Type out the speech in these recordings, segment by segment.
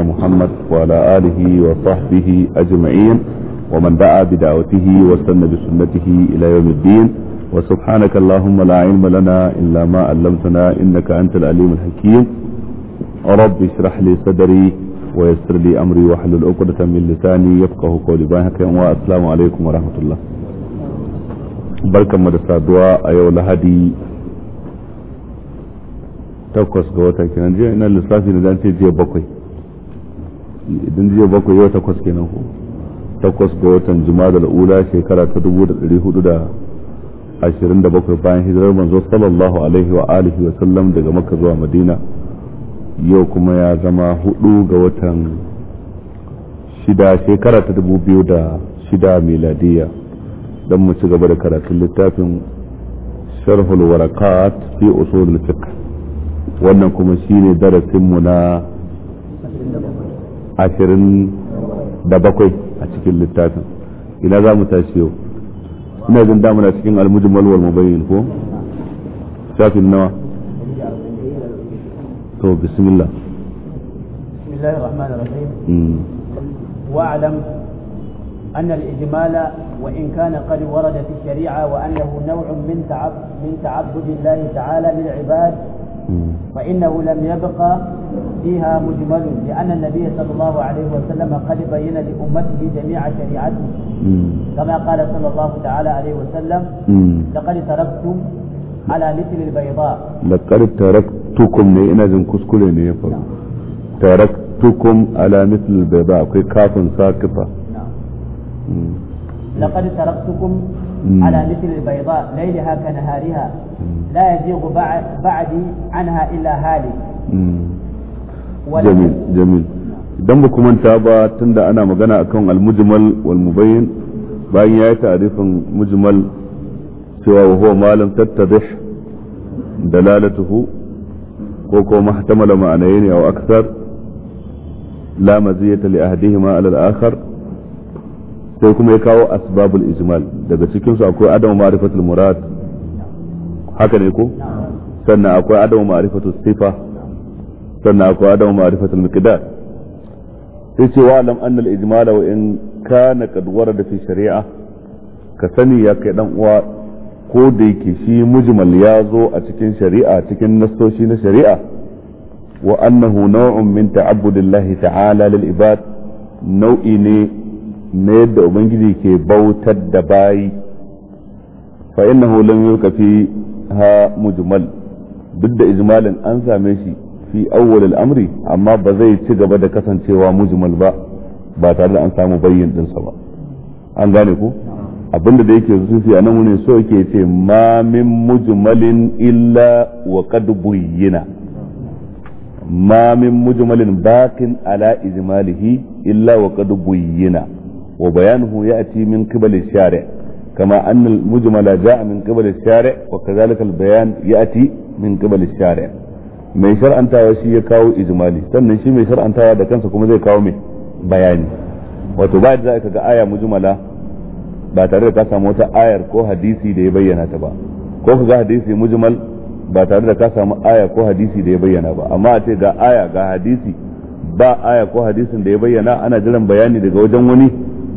محمد وعلى آله وصحبه أجمعين ومن دعا بدعوته واستنى بسنته إلى يوم الدين وسبحانك اللهم لا علم لنا إلا ما علمتنا إنك أنت العليم الحكيم رب اشرح لي صدري ويسر لي أمري واحلل عقدة من لساني يفقه قولي باهك والسلام عليكم ورحمة الله barkanmu da saduwa a yau lahadi takwas ga wata kenan jiya ina lissafi da dan ce jiya bakwai idan jiya bakwai yau takwas kenan ko takwas ga watan jima'a da ula shekara ta dubu da ɗari hudu da ashirin da bakwai bayan hijirar manzo sallallahu alaihi wa alihi wa sallam daga makka zuwa madina yau kuma ya zama hudu ga watan shida shekara ta dubu biyu da shida miladiyya don mu ci gaba da karatun littafin sharhul warakat fi usulul fiqh wannan kuma shine darasinmu na ashirin da bakwai a cikin littafin ina za mu tashi yau ina jin damuna cikin almujimal wal mubayyin ko shafin nawa to bismillah bismillahir rahmanir rahim wa'lam أن الإجمال وإن كان قد ورد في الشريعة وأنه نوع من تعب من تعبد الله تعالى للعباد فإنه لم يبقى فيها مجمل لأن النبي صلى الله عليه وسلم قد بين لأمته جميع شريعته كما قال صلى الله تعالى عليه وسلم لقد تركتم على مثل البيضاء لقد تركتكم ne ina jin kuskure ne ya faru taraktukum ala mithl albayda akwai على مثل البيضاء ليلها كنهارها لا يزيغ بعد بعدي عنها إلا هالك جميل جميل idan ba kuma ta ba tunda ana magana akan al-mujmal wal mubayyin bayan yayi ta'rifin mujmal cewa wa huwa ma lam tattadih dalalatuhu ko ko mahtamala ma'anayn aw akthar la maziyata li ahdihima ala al-akhar sai kuma ya kawo asbabul ijmal daga cikin su akwai adamu ma'rifatul murad haka ne ko sannan akwai adamu ma'rifatul sifa sannan akwai adamu ma'rifatul miqdar sai ce wa alam annal ijmal wa in kana qad warada fi shari'a ka sani ya kai dan uwa ko da yake shi mujmal ya zo a cikin shari'a cikin nassoshi na shari'a wa annahu naw'un min ta'abbudillahi ta'ala lil ibad nau'i ne na yadda ubangiji ke bautar da bayi fa innahu lam ha mujmal duk da ijmalin an same shi fi awwal al-amri amma ba zai ci gaba da kasancewa mujmal ba ba tare da an samu bayyin sa ba an gane ko abinda da yake zuci a nan wani so yake ce ma min mujmalin illa wa qad buyyina ma min mujmalin bakin ala ijmalihi illa wa qad buyyina wa وبيانه يأتي من قبل الشارع كما أن المجمل جاء من قبل الشارع وكذلك bayan يأتي min قبل الشارع mai shar'antawa shi ya kawo ijmali sannan shi mai shar'antawa da kansa kuma zai kawo mai bayani wato ba da za ka ga aya mujmala ba tare da ka samu wata ayar ko hadisi da ya bayyana ta ba ko ka ga hadisi mujmal ba tare da ka samu aya ko hadisi da ya bayyana ba amma a ce ga aya ga hadisi ba aya ko hadisin da ya bayyana ana jiran bayani daga wajen wani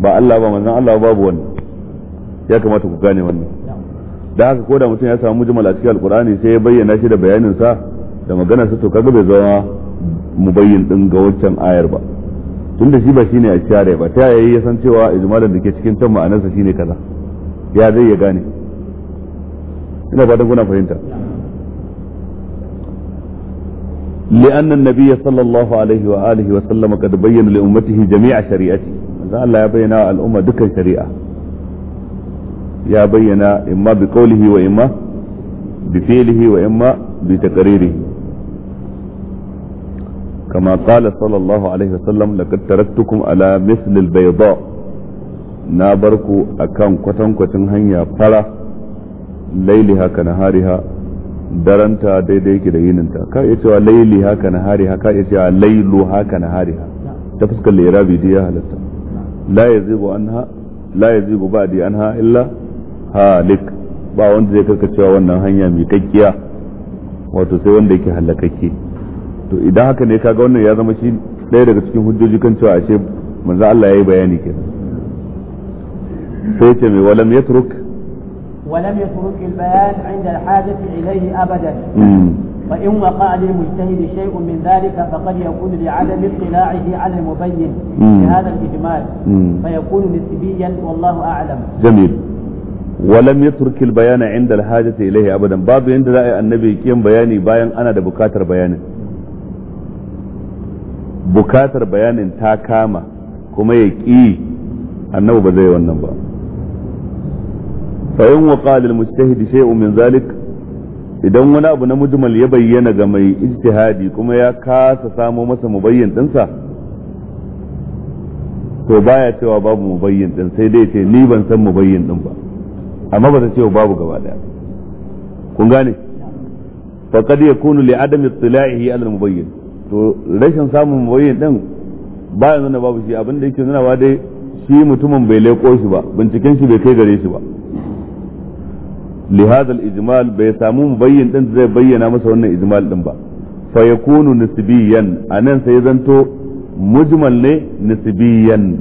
ba Allah ba manzon Allah babu wani ya kamata ku gane wannan da haka ko da mutum ya samu mujmal a cikin alkur'ani sai ya bayyana shi da bayanin sa da magana sa to kaga bai zama mu mubayyin din ga waccan ayar ba tunda shi ba shine a share ba ta yayi ya san cewa ijmalan da ke cikin can ma'anarsa shine kaza ya zai ya gane ina fatan kuna fahimta لأن النبي صلى الله عليه وآله وسلم قد بين لأمته جميع شريعته manzon Allah ya bayyana wa al'umma dukkan shari'a ya bayyana imma bi qawlihi wa imma bi fi'lihi wa imma bi taqririhi كما قال صلى الله عليه وسلم لقد تركتكم على مثل البيضاء نابركو أكام كتن كتن هنيا فرا ليلها كنهارها درنتا دي دي كده يننتا كا يتوى ليلها كنهارها كا يتوى ليلها كنهارها تفسك الإرابي دي أهلتا la yazigu anha la yazigu ba'di anha illa halik ba wanda zai karkacewa wannan hanya mai kakkiya wato sai wanda yake halakakke to idan haka ne kaga wannan ya zama shi ɗaya daga cikin hujjoji kan cewa ashe manzo Allah yayi bayani kenan sai ce mai walam yatruk al-bayan inda al الحاجة إليه abadan hmm. فإن وقع للمجتهد شيء من ذلك فقد يكون لعدم اطلاعه على المبين بهذا الإجمال فيكون نسبيا والله أعلم جميل ولم يترك البيان عند الحاجة إليه أبدا باب عند رأي النبي كيم بياني باين أنا da بيان bayanin بيان تا ta كما يكي أنه ƙi annabi فإن وقال المجتهد شيء من ذلك idan wani abu na mujmal ya bayyana ga mai ijtihadi kuma ya kasa samo masa mubayyin dinsa to baya cewa babu mubayyin din sai dai ce ni ban san mubayyin din ba amma ba ta cewa babu gaba daya kun gane fa kad yakunu li adam ittila'ihi ala mubayyin to rashin samun mubayyin din baya nuna babu shi abin da yake nuna wa dai shi mutumin bai leko shi ba binciken shi bai kai gare shi ba liha da lijimal bai samu mu bayyana ɗin masa wannan lijimal na mu fayakunu nisibiyan a nan sai zan to mujimalle nisibiyan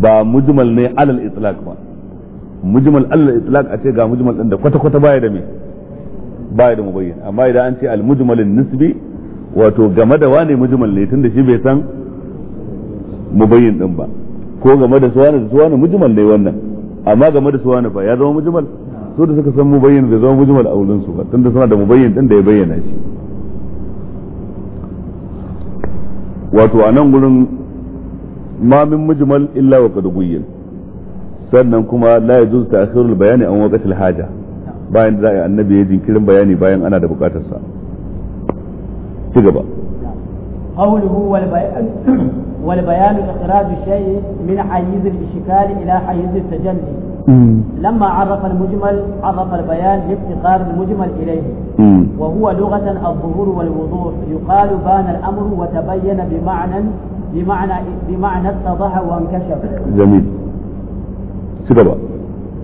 ba mujimal ne alal islaq ba mujimal alal islaq a ce ga mujimal na kwata kwata ba ya dama ba ya dama amma idan an ce almujimallin nisibi wato game da wani mujimalle tun dashi bai san mu bayyana. ko game da suwa na da suwana mujimalle wannan amma game da suwa na da fayar zan ba su da suka san mubayyin bai zama mujmal a wurin su ba tunda suna da mubayyin din da ya bayyana shi wato a nan gurin ma min mujmal illa wa qad buyyin sannan kuma la yajuz ta'khirul bayani an waqtil haja bayan da annabi ya jinkirin bayani bayan ana da bukatar sa ci gaba قوله والبيان والبيان إخراج الشيء من حيز الإشكال إلى حيز التجلي لما عرف المجمل عرف البيان بافتقار المجمل إليه وهو لغة الظهور والوضوح يقال بان الأمر وتبين بمعنى بمعنى بمعنى اتضح وانكشف جميل سيدة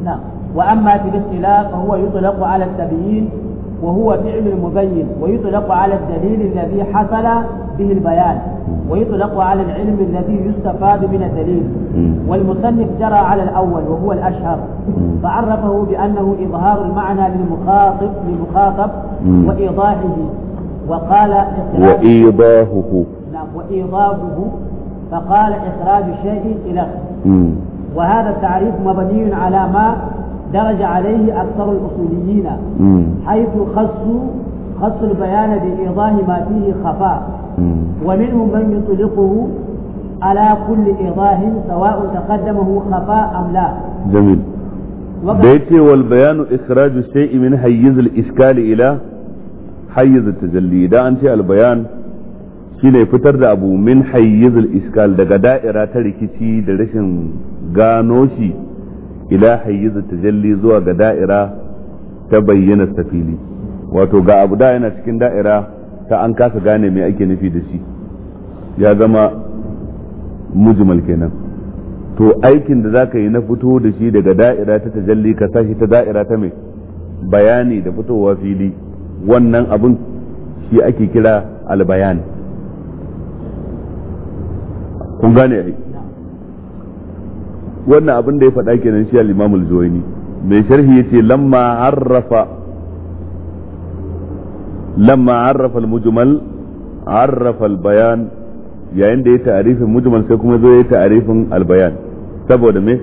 نعم وأما في الاصطلاح فهو يطلق على التبيين وهو فعل المبين ويطلق على الدليل الذي حصل به البيان ويطلق على العلم الذي يستفاد من الدليل والمصنف جرى على الأول وهو الأشهر فعرفه بأنه إظهار المعنى للمخاطب للمخاطب وإيضاحه وقال وإيضاحه نعم وإيضاحه فقال إخراج الشيء إلى وهذا التعريف مبني على ما درج عليه أكثر الأصوليين حيث خصوا خص البيان بإيضاح ما فيه خفاء ومنهم من يطلقه على كل إيضاح سواء تقدمه خفاء أم لا جميل بيتي والبيان إخراج الشيء من حيز الإشكال إلى حيز التجلي ده أنت البيان shine fitar da abu min hayyizul iskal daga da'ira ta rikici da rashin gano shi ila hayyizu tajalli zuwa ga da'ira ta bayyana safili wato ga abu da yana cikin da'ira ta an kasa gane me ake nufi da shi ya zama mujmal kenan to aikin da zaka yi na fito da shi daga da'ira ta tajalli ka sashi ta da'ira ta mai bayani da fitowa fili wannan abun shi ake kira albayan kun gane wannan abin da ya faɗa kenan shi al-Imam al-Juwayni mai sharhi yace lamma arrafa lamma arrafa al-mujmal arrafa al-bayan yayin da ya ta'arifin mujmal sai kuma zo ya ta'arifin al-bayan saboda me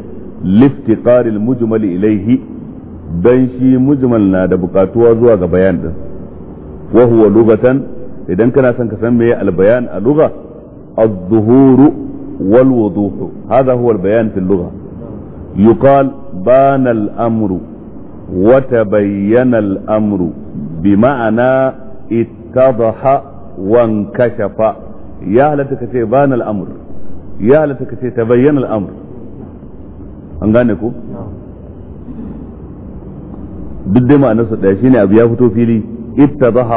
liftiqari al-mujmal ilayhi dan shi mujmal na da buƙatuwa zuwa ga bayan din wa huwa lugatan idan kana son ka san meye al-bayan a lugha الظهور والوضوح هذا هو bayan في اللغة يقال بان الامر وتبين الامر بمعنى اتضح وانكشف يا لتك بان الامر يا لتك تبين الامر انغانيكو بدي ما انا صدق ابي يفتو في لي اتضح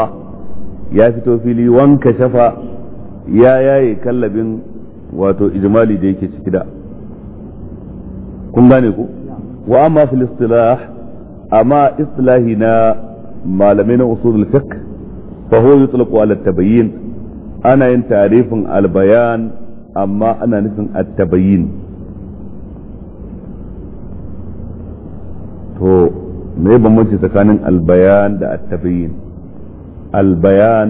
يا فتو في لي وانكشف يا يا كلبين واتو اجمالي ديكي كده kun gane ku wa amma fil istilah amma istilahi na malamai na usulul fiqh fa huwa yutlaqu ala tabayyin ana yin tarifin al bayan amma ana nufin at-tabayyin to me bambanci tsakanin al bayan da at-tabayyin al bayan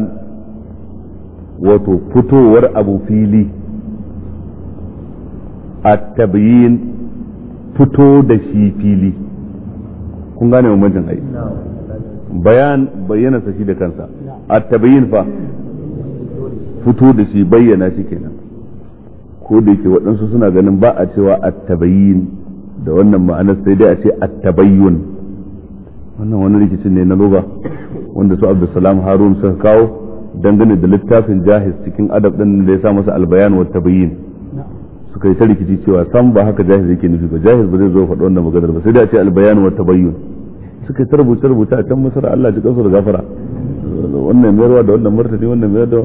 wato fitowar abu fili at-tabayyin fito da shi fili kun gane majin ai bayan bayyana sa shi da kansa at tabayyin fa fito da shi bayyana shi kenan ko da yake waɗansu suna ganin ba a cewa at tabayyin da wannan ma'anar sai dai a ce at tabayyun wannan wani rikicin ne na loba wanda su Abdulsalam Harun suka kawo dangane da littafin jahiz cikin adab din da ya sa masa albayan wa tabayyin suka yi ta rikici cewa san ba haka jahil yake nufi ba jahil ba zai zo faɗi wannan maganar ba sai da a ce albayan wa tabayyun suka ta rubuce rubuce a can masara Allah ji kansu da gafara wannan mayarwa da wannan martani wannan mayar da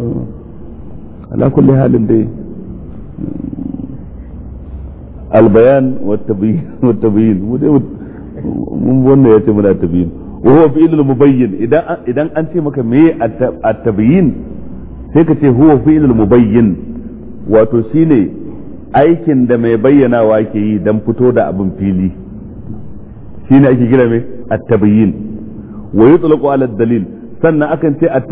ala kulli halin dai albayan wa tabayyun wa tabayyun mu dai mun wannan yace muna tabayyun wa huwa fi'lul mubayyin idan idan an ce maka me at-tabayyin sai ka ce huwa fi'lul mubayyin wato shine aikin da mai bayyanawa ke yi don fito da abin fili shine ake kira mai at-tabayyin wa yutlaqu ala dalil sannan akan ce at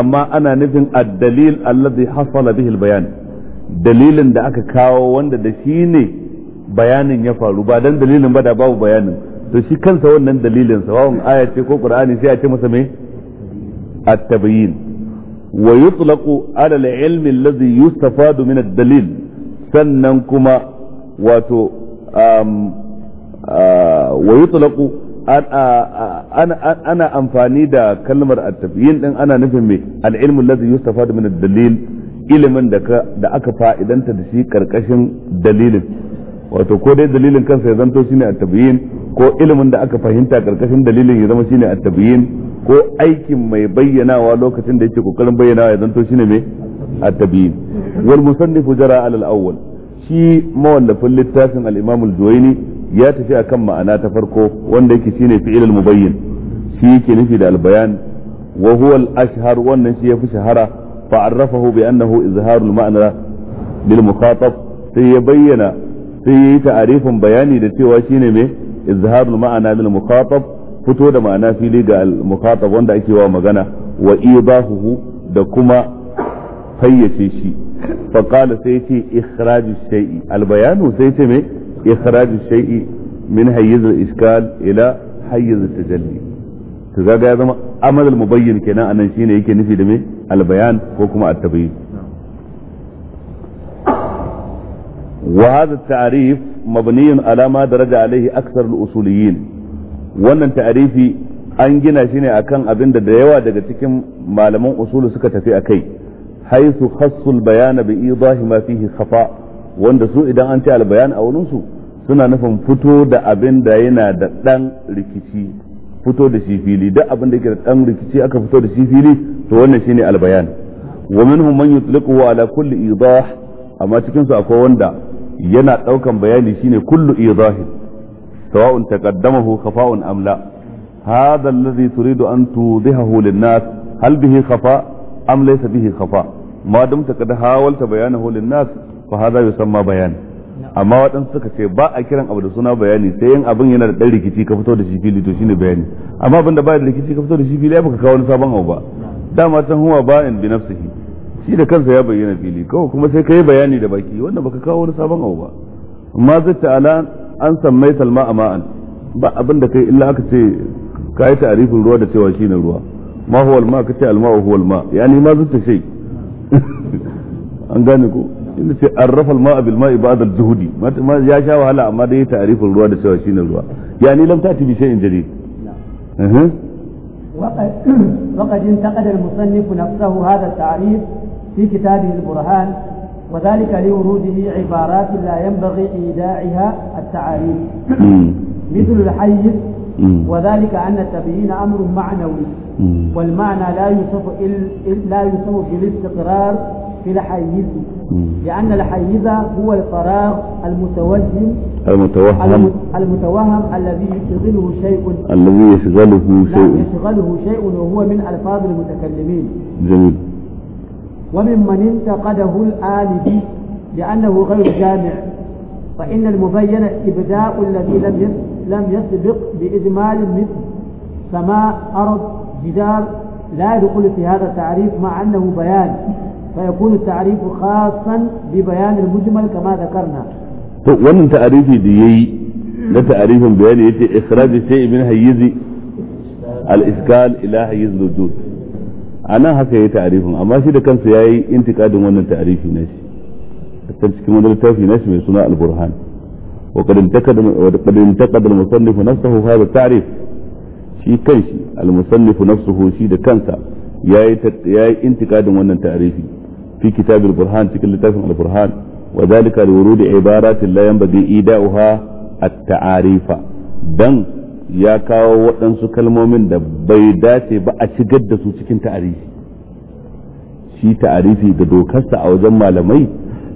amma ana nufin ad-dalil alladhi hasala bihi bayan dalilin da aka kawo wanda da shi ne bayanin ya faru ba dan dalilin ba da babu bayanin to shi kansa wannan dalilin sawawun aya ce ko qur'ani sai a ce masa me at-tabayyin wa yutlaqu ala al-ilmi alladhi yustafadu min ad-dalil sannan kuma wato um, uh, wa yutlaqu ana amfani da kalmar at-tabyin din ana nufin me al-ilmu alladhi yustafadu min ad-dalil ilimin da da aka fa'idanta da shi karkashin dalilin wato ko dai dalilin kansa ya zanto shine at-tabyin ko ilimin da aka fahimta karkashin dalilin ya zama shine at-tabyin ko aikin mai bayyanawa lokacin da yake kokarin bayyanawa ya zanto shine me at-tabiin wal musannif jara ala awwal shi mawallafin littafin al-imam al ya tafi akan ma'ana ta farko wanda yake shine fi'il al-mubayyin shi yake nufi da al-bayan wa wannan shi yafi shahara fa'arrafahu bi annahu izharu al-ma'na lil sai ya bayyana sai yayi ta'arifin bayani da cewa shine me izharu al-ma'na lil fito da ma'ana fili ga al wanda ake wa magana wa idahuhu da kuma fayyace shi fa qala sai yace ikhraju shay'i al bayanu sai yace me ikhraju shay'i min hayyiz al iskal ila hayyiz al tajalli to ga ya zama amal al mubayyin kenan anan shine yake nufi da me al bayan ko kuma at tabayyin وهذا التعريف مبني على daraja درج عليه أكثر الأصوليين wannan ta'arifi an gina shi ne akan abin da da yawa daga cikin malaman usulu suka tafi a kai haythu khassul bayana bi idahi ma fihi wanda su idan an ce albayan a wurinsu suna nufin fito da abin da yana da ɗan rikici fito da shi fili duk abin da yake da ɗan rikici aka fito da shi fili to wannan shine albayan wa minhum man yutliqu ala kulli idah amma cikin su akwai wanda yana ɗaukan bayani shine kullu idahin sawa'un taqaddamahu khafa'un am la hadha alladhi turidu an tudhihahu lin-nas hal bihi khafa' am laysa bihi khafa' ma dumta kad hawalta bayanahu lin nas fa hadha yusamma bayan amma waɗansu suka ce ba a kiran abu da suna bayani sai yin abin yana da ɗan rikici ka fito da shi fili to shine bayani amma abin da ba da rikici ka fito da shi fili ya baka kawo wani sabon abu ba dama can huwa bayan bi nafsihi shi da kansa ya bayyana fili kawai kuma sai ka yi bayani da baki wanda baka kawo wani sabon abu ba amma zai ta'ala an san mai salma a ma'an ba abin da kai illa aka ce ka yi ta'arifin ruwa da cewa shine ruwa ma huwal ma ka ce alma huwal ma yani ma zai ta shai an gane ko inda ce arrafa al-ma'a bil ma ibada al ma ya sha wahala amma dai ta'rifin ruwa da cewa shine ruwa yani lam ta'ti bi shay'in jadid وقد انتقد المصنف نفسه هذا التعريف في كتابه البرهان وذلك لوروده عبارات لا ينبغي إيداعها التعاريف مثل الحي وذلك أن التبيين أمر معنوي والمعنى لا يوصف لا يوصف بالاستقرار في لحيزه لأن لحيزه هو الفراغ المتوهم المتوهم المتوهم الذي يشغله شيء الذي يشغله شيء يشغله شيء وهو من ألفاظ المتكلمين جميل وممن انتقده الآلبي لأنه غير جامع فإن المبين إبداء الذي لم لم يسبق بإجمال مثل سماء أرض جدار لا يدخل في هذا التعريف مع أنه بيان فيكون التعريف خاصا ببيان المجمل كما ذكرنا وان تعريفي دي لا تعريف بيان اخراج شيء من هيز الاسكال الى هيز الوجود انا هكا هي تعريف اما شي ده كان سياي انتقاد من التعريف ناشي كان شي من التعريف ناشي من البرهان وقد انتقد وقد انتقد المصنف نفسه هذا التعريف شي كان المصنف نفسه شي ده كان يا يا انتقاد من التعريف fi kitabil burhan cikin littafin al-burhan wa zalika li wurudi ibaratin la yanbaghi ida'uha at-ta'arifa dan ya kawo waɗansu kalmomin da bai dace ba a shigar da su cikin ta'arifi shi ta'arifi da dokarsa a wajen malamai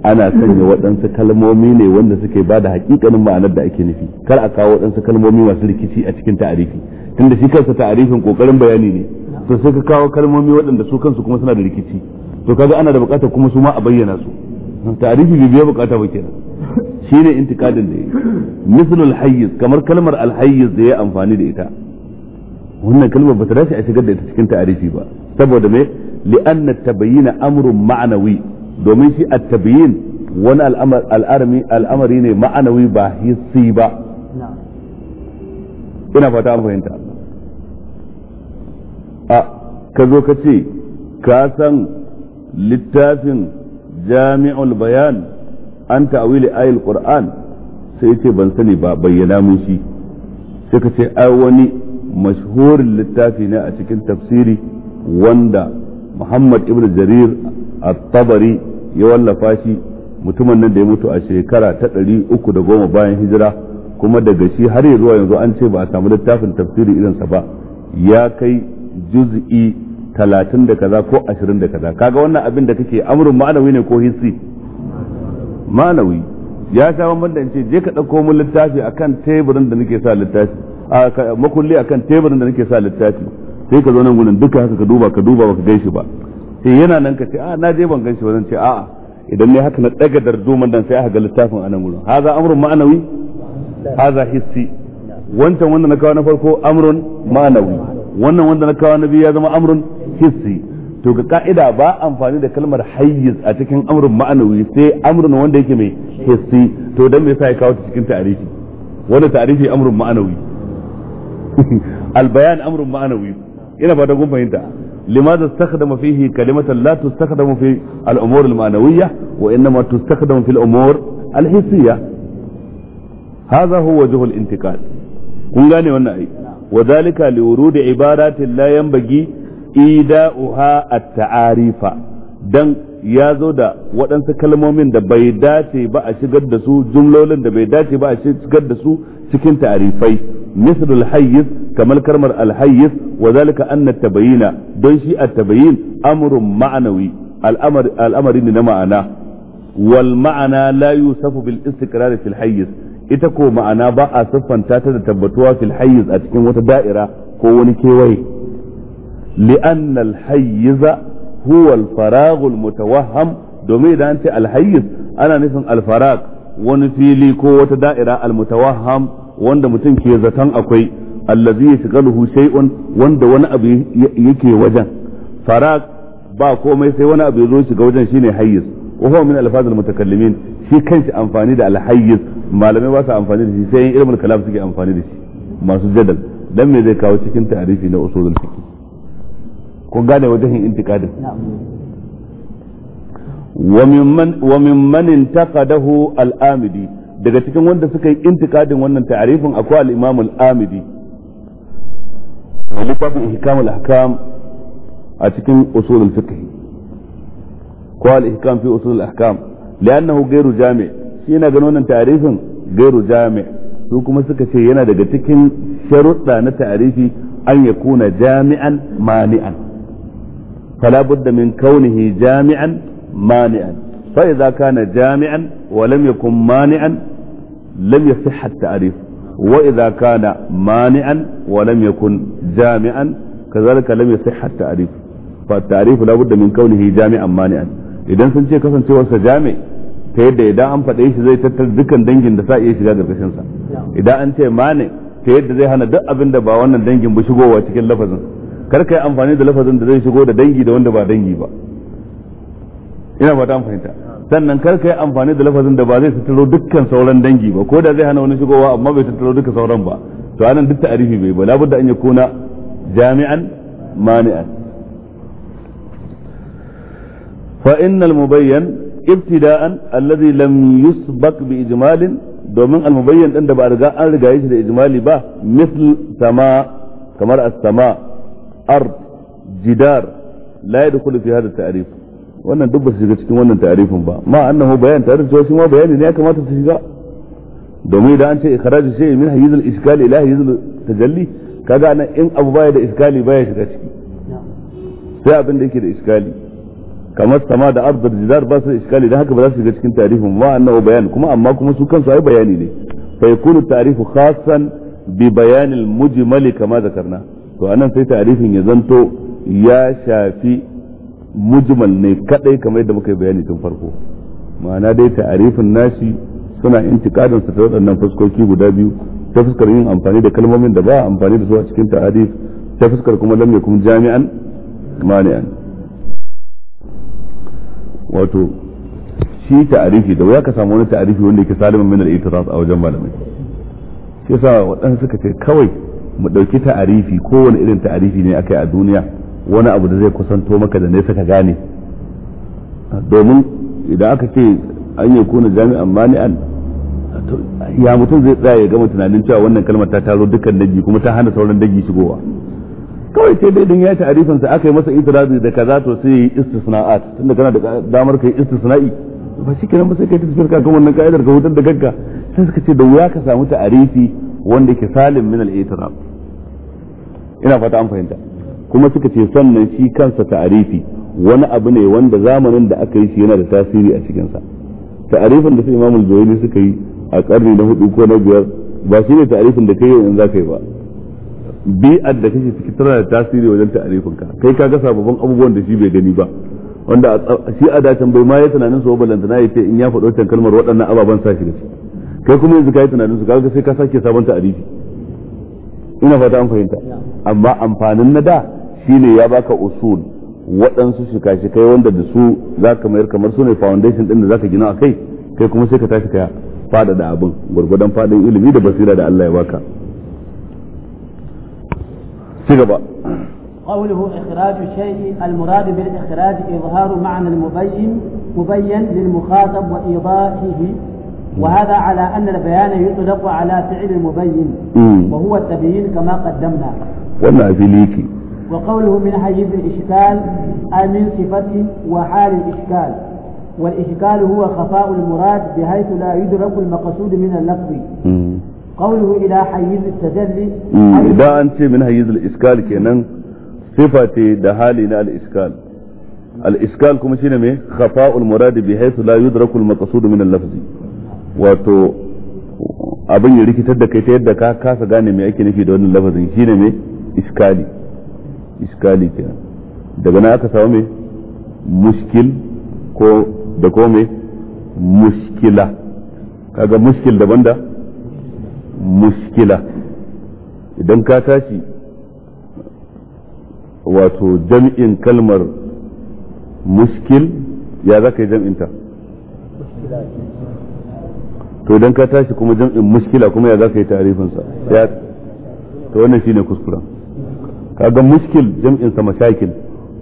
ana sanya waɗansu kalmomi ne wanda suke ba da hakikanin ma'anar da ake nufi kar a kawo waɗansu kalmomi masu rikici a cikin ta'arifi tunda shi kansa ta'arifin kokarin bayani ne to sai ka kawo kalmomi waɗanda su kansu kuma suna da rikici to kaga ana da bukata kuma su ma a bayyana su tarihi bai biya bukata ba kenan shine intikadin da yi mislul hayyiz kamar kalmar alhayyiz da ya amfani da ita wannan kalmar ba ta dace a shigar da ita cikin tarihi ba saboda me li'anna tabayyina amrun ma'nawi domin shi at-tabayyin wani al'amari al'amari ne ma'anawi ba hissi ba ina fata an fahimta a ka zo ka ce ka san littafin jami'ul bayan an ta'wili ayil qur'an sai yace ban sani ba bayyana mun shi sai ka ce ai wani mashhurin littafi ne a cikin tafsiri wanda Muhammad ibn Jarir at-Tabari ya wallafa shi mutumin nan da ya mutu a shekara ta ɗari uku da goma bayan hijira kuma daga shi har ya zuwa yanzu an ce ba a samu littafin tafsiri irinsa ba ya kai juz'i talatin da kaza ko ashirin da kaza kaga wannan abin da kake amurin ma'anawi ne ko hissi ma'anawi ya sha wani da ce je ka ɗauko mun littafi akan teburin da nake sa littafi a makulli akan teburin da nake sa littafi sai ka zo nan gudun duka haka ka duba ka duba ka gan shi ba sai eh, yana nan ka ce a ah, na je ban gan shi ba zan ce a'a idan ne haka na ɗaga darduman dan sai aka ga littafin a nan gudun haza amurin ma'anawi haza hissi wancan wanda na kawo na farko amrun ma'anawi wannan wanda na kawo na biyu ya zama amrun hissi to ga ka'ida ba amfani da kalmar hayyiz a cikin amrun ma'anawi sai amrun wanda yake mai hissi to dan me yasa ya kawo cikin ta'arifi wanda ta'arifi amrun ma'anawi albayan amrun ma'anawi ina fata kun fahimta لماذا fi فيه كلمة لا تستخدم في الأمور المعنوية وإنما تستخدم في الأمور الحسية هذا هو وجه الانتقال kun gane wannan ai wa zalika li wurudi ibaratin la yanbaghi ida'uha at-ta'arifa dan ya zo da waɗansu kalmomin da bai dace ba a shigar da su jumlolin da bai dace ba a shigar da su cikin ta'arifai mislul hayyiz kamar kalmar alhayyiz wa zalika anna tabayina don shi at-tabayin amrun ma'anawi al'amari ne na ma'ana wal ma'ana la yusafu bil istiqrar fil hayyiz ita ko ma'ana ba a siffanta ta da tabbatuwa fil a cikin wata da'ira ko wani kewaye li'anna al-hayyiza huwal al mutawaham domin idan an ce al ana nufin al wani fili ko wata da'ira almutawaham mutawahham wanda mutum ke zaton akwai allazi yashghaluhu shay'un wanda wani abu yake wajen faragh ba komai sai wani abu ya zo shiga wajen shine hayyiz wa huwa min alfaz almutakallimin shi kanshi amfani da alhayyiz malamai ba amfani da shi sai ilmul kalam suke amfani da shi masu jadal dan mai zai kawo cikin ta'arifi na usulul fiqh kun gane wajen intiqadin wa mimman wa intaqadahu al-amidi daga cikin wanda suka yi intiqadin wannan ta'arifin akwai al-imam al-amidi wani babu ihkam al-ahkam a cikin usul al-fiqh ko al-ihkam fi usul al-ahkam li'annahu ghairu jami' shi yana ganin wannan ta'arifin ghairu jami' su kuma suka ce yana daga cikin sharuɗa na ta'arifi an yakuna jami'an mani'an فلا بد من كونه جامعا مانعا فإذا كان جامعا ولم يكن مانعا لم يصح التعريف وإذا كان مانعا ولم يكن جامعا كذلك لم يصح التعريف فالتعريف لا بد من كونه جامعا مانعا idan sun ce kasancewarsa jami ta yadda idan an faɗe shi zai tattar dukkan dangin da sa iya shiga sa idan an ce mane ta yadda zai hana duk abin da ba wannan dangin ba shigowa cikin lafazin kar ka yi amfani da lafazin da zai shigo da dangi da wanda ba dangi ba ina fata an fahimta sannan kar ka yi amfani da lafazin da ba zai tattaro dukkan sauran dangi ba ko da zai hana wani shigowa amma bai tattaro duka sauran ba to anan duk ta'arifi bai ba labar da an yi kuna jami'an mani'an fa innal mubayyan ibtida'an allazi lam yusbaq bi ijmalin domin al-mubayyan din da ba riga an riga shi da ijmali ba misl sama kamar as-sama ard jidar la yadkhulu fi hada ta'rif wannan duk ba su shiga cikin wannan ta'rifin ba ma annahu bayan ta'arif to shi ma bayani ne ya kamata su shiga domin idan an ce ikhraj shay'in min hayyiz al iskal ila hayyiz al-tajalli kaga nan in abu baya da iskali baya shiga ciki sai abin da yake da iskali kamar sama da ard jidar ba su da iskali dan haka ba za su shiga cikin tarihin ma annahu bayan kuma amma kuma su kansu ai bayani ne fa yakunu tarihu khassan bi bayanil al-mujmali kama zakarna to anan sai tarihin ya zanto ya shafi mujmal ne kadai kamar yadda muka yi bayani tun farko ma'ana dai tarihin nashi suna intikadin sa ta waɗannan fuskoki guda biyu ta fuskar yin amfani da kalmomin da ba amfani da su a cikin ta'arif ta fuskar kuma lamme kuma jami'an mani'an wato shi ta'arifi da wuya ka samu wani ta'arifi wanda yake salimin min al-itiraz a wajen malamai shi yasa waɗansu suka ce kawai mu ɗauki ta'arifi kowane irin ta'arifi ne akai a duniya wani abu da zai kusanto maka da nesa ka gane domin idan aka ce an yi kuna jami'an mani'an ya mutum zai tsaya ya gama tunanin cewa wannan kalmar ta taro dukkan dangi kuma ta hana sauran dangi shigowa kawai sai dai don ya ta'arifin sa aka yi masa itirazi da kaza to sai yi istisna'at tunda kana da damar kai istisna'i ba shi kenan ba sai kai tafiyar ka kan wannan ka'idar ka hutar da gagga sai suka ce da wuya ka samu ta'arifi wanda ke salim min al-i'tirab ina fata an fahimta kuma suka ce sannan shi kansa ta'arifi wani abu ne wanda zamanin da aka yi shi yana da tasiri a cikin sa ta'arifin da su Imam Zuhri suka yi a karni na hudu ko na biyar ba shi ne ta'arifin da kai yau in zaka yi ba bi'ar da kake ciki tana da tasiri wajen ta'arifin ka kai ka ga sababbin abubuwan da shi bai gani ba wanda shi a dacin bai ma ya tunanin su ba lantana ya ce in ya faɗo can kalmar waɗannan ababen sa shi da shi kai kuma yanzu kai tunanin su ga sai ka sake sabon arifi ina fata an fahimta amma amfanin na da shine ya baka usul waɗansu shika kai wanda da su za ka mayar kamar su ne foundation ɗin da za ka gina a kai kai kuma sai ka tashi ka fada da abin gwargwadon fadin ilimi da basira da Allah ya baka ci gaba قوله إخراج الشيء المراد بالإخراج إظهار معنى المبين مبين للمخاطب وإيضاحه وهذا على أن البيان يطلق على فعل المبين وهو التبيين كما قدمنا وما في ليكي وقوله من حيث الإشكال أي من صفة وحال الإشكال والإشكال هو خفاء المراد بحيث لا يدرك المقصود من اللفظ قوله إلى حيز التجلي إذا أنت من حيز الإشكال كنن صفة ده حالنا الإشكال الإشكال كما خفاء المراد بحيث لا يدرك المقصود من اللفظ wato abin ya rikitar da kai ta yadda ka kasa gane mai ake nufi da wannan lafazin ne mai iskali iskali kenan daga nan aka samu mai muskil ko da ko mai muskila kaga muskil daban da muskila idan ka tashi wato jam'in kalmar muskil ya za ka yi jam'inta to idan ka tashi kuma jam'in mushkila kuma ya za ka yi ta'arifin sa ya to wannan shine kuskura kaga mushkil jam'in sa mashakil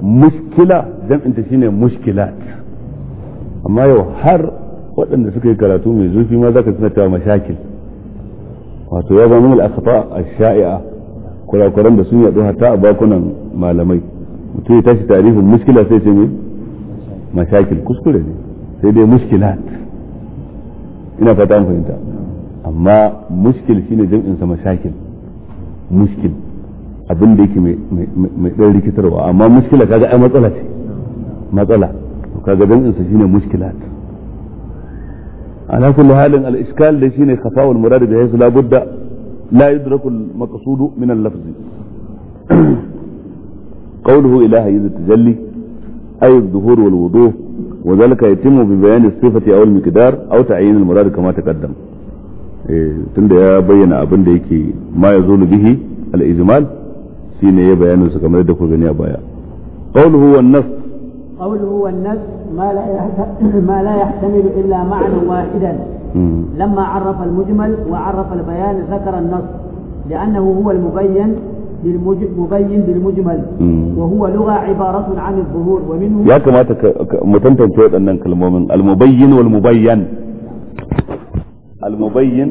mushkila jam'in ta shine mushkilat amma yau har waɗanda suka yi karatu mai zurfi ma zaka tuna ta mashakil wato ya zama al-akhta ash-sha'i'a kurakuran da sun yaɗu hatta a bakunan malamai mutum ya tashi tarifin mushkila sai ce me mashakil kuskure ne sai dai mushkilat ina fata an fahimta amma mushkil shine jam'in sa mashakil mushkil abin da yake mai dan rikitarwa amma mushkila kaga ai matsala ce matsala kaga jam'in sa shine mushkilat ala kulli halin al iskal da shine khafa wal murad bi haythu la budda la yudraku al maqsud min al lafz qawluhu ilaha yuzu tajalli ay al zuhur wal wuduh وذلك يتم ببيان الصفة أو المقدار أو تعيين المراد كما تقدم إيه، تند يا بينا أبن ديكي ما يزول به الإجمال سين يا بيان كما تدخل غنيا بايا قول هو النص قول هو النص ما لا ما لا يحتمل إلا معنى واحدا لما عرف المجمل وعرف البيان ذكر النص لأنه هو المبين مبين بالمجمل وهو لغة عبارة عن الظهور ومنه يا كما متنتن شوية أن المبين والمبين المبين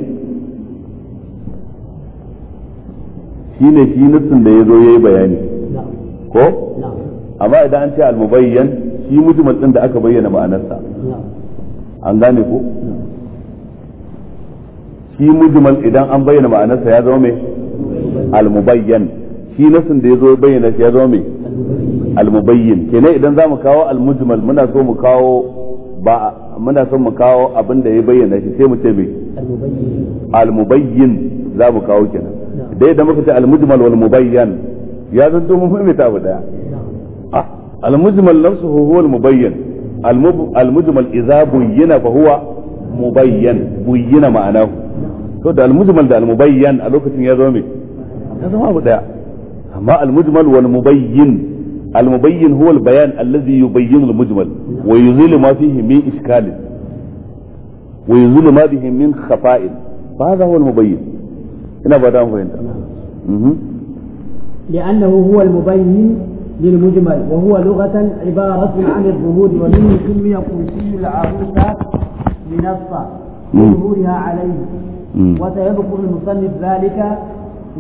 شين شين السن ديزو يي بياني نعم. كو نعم. أما إذا أنت المبين شي مجمل أنت أكا بيانا ما أنسا نعم. أن داني كو شي مجمل إذا أم بيانا ما أنسا يا زومي al-mubayyan shi nasin da yazo bayyana shi ya zama mai al kenan idan zamu kawo al-mujmal muna so mu kawo ba muna son mu kawo abin da ya bayyana shi sai mu ce mai al za mu kawo kenan dai da muka ce al-mujmal wal mubayyan ya zanto mun fahimta abu daya ah al-mujmal nafsuhu huwa al-mubayyan al-mujmal idza buyyina fa huwa mubayyan buyyina ma'anahu to da al-mujmal da al-mubayyan a lokacin ya zo mai هذا ما بدا ما المجمل والمبين المبين هو البيان الذي يبين المجمل ويزيل ما فيه من اشكال ويزيل ما به من خفاء فهذا هو المبين هنا بدأ فهمت لأنه هو المبين للمجمل وهو لغة عبارة عن الظهور ومن سمي قوسي العروسة لنص ظهورها عليه وسيذكر المصنف ذلك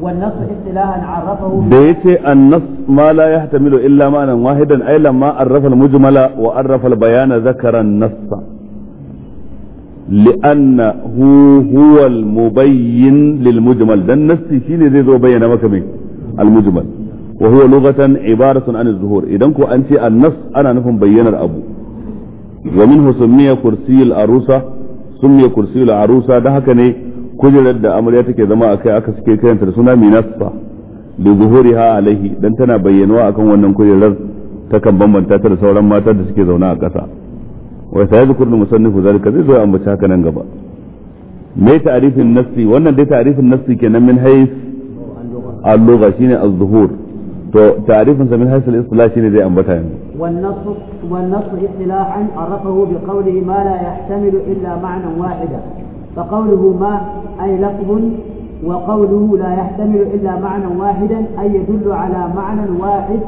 والنص اصطلاحا عرفه بيت النص ما لا يحتمل الا معنى واحدا اي لما عرف المجمل وعرف البيان ذكر النص لأنه هو المبين للمجمل ده النص شيء زي زو مكمي المجمل وهو لغة عبارة عن الظهور إذا كو أنت النص أنا نفهم بين الأبو ومنه سمي كرسي العروسة سمي كرسي العروسة ده هكذا kujerar da amarya take zama a kai aka suke kiranta da suna minasta da zuhuri ha alaihi dan tana bayyanuwa akan wannan kujerar ta kan bambanta ta da sauran mata da suke zaune a ƙasa wa sai da musannifu zalika zai zo ya ambaci haka nan gaba mai ta'arifin nassi wannan dai ta'arifin nassi kenan min hayis al-lugha shine az-zuhur to ta'arifin sa min hayis al-istilah shine zai ambata yanzu والنص والنص اصطلاحا عرفه بقوله ما لا يحتمل الا معنى واحدا فقوله ما أي لفظ وقوله لا يحتمل إلا معنى واحدا أي يدل على معنى واحد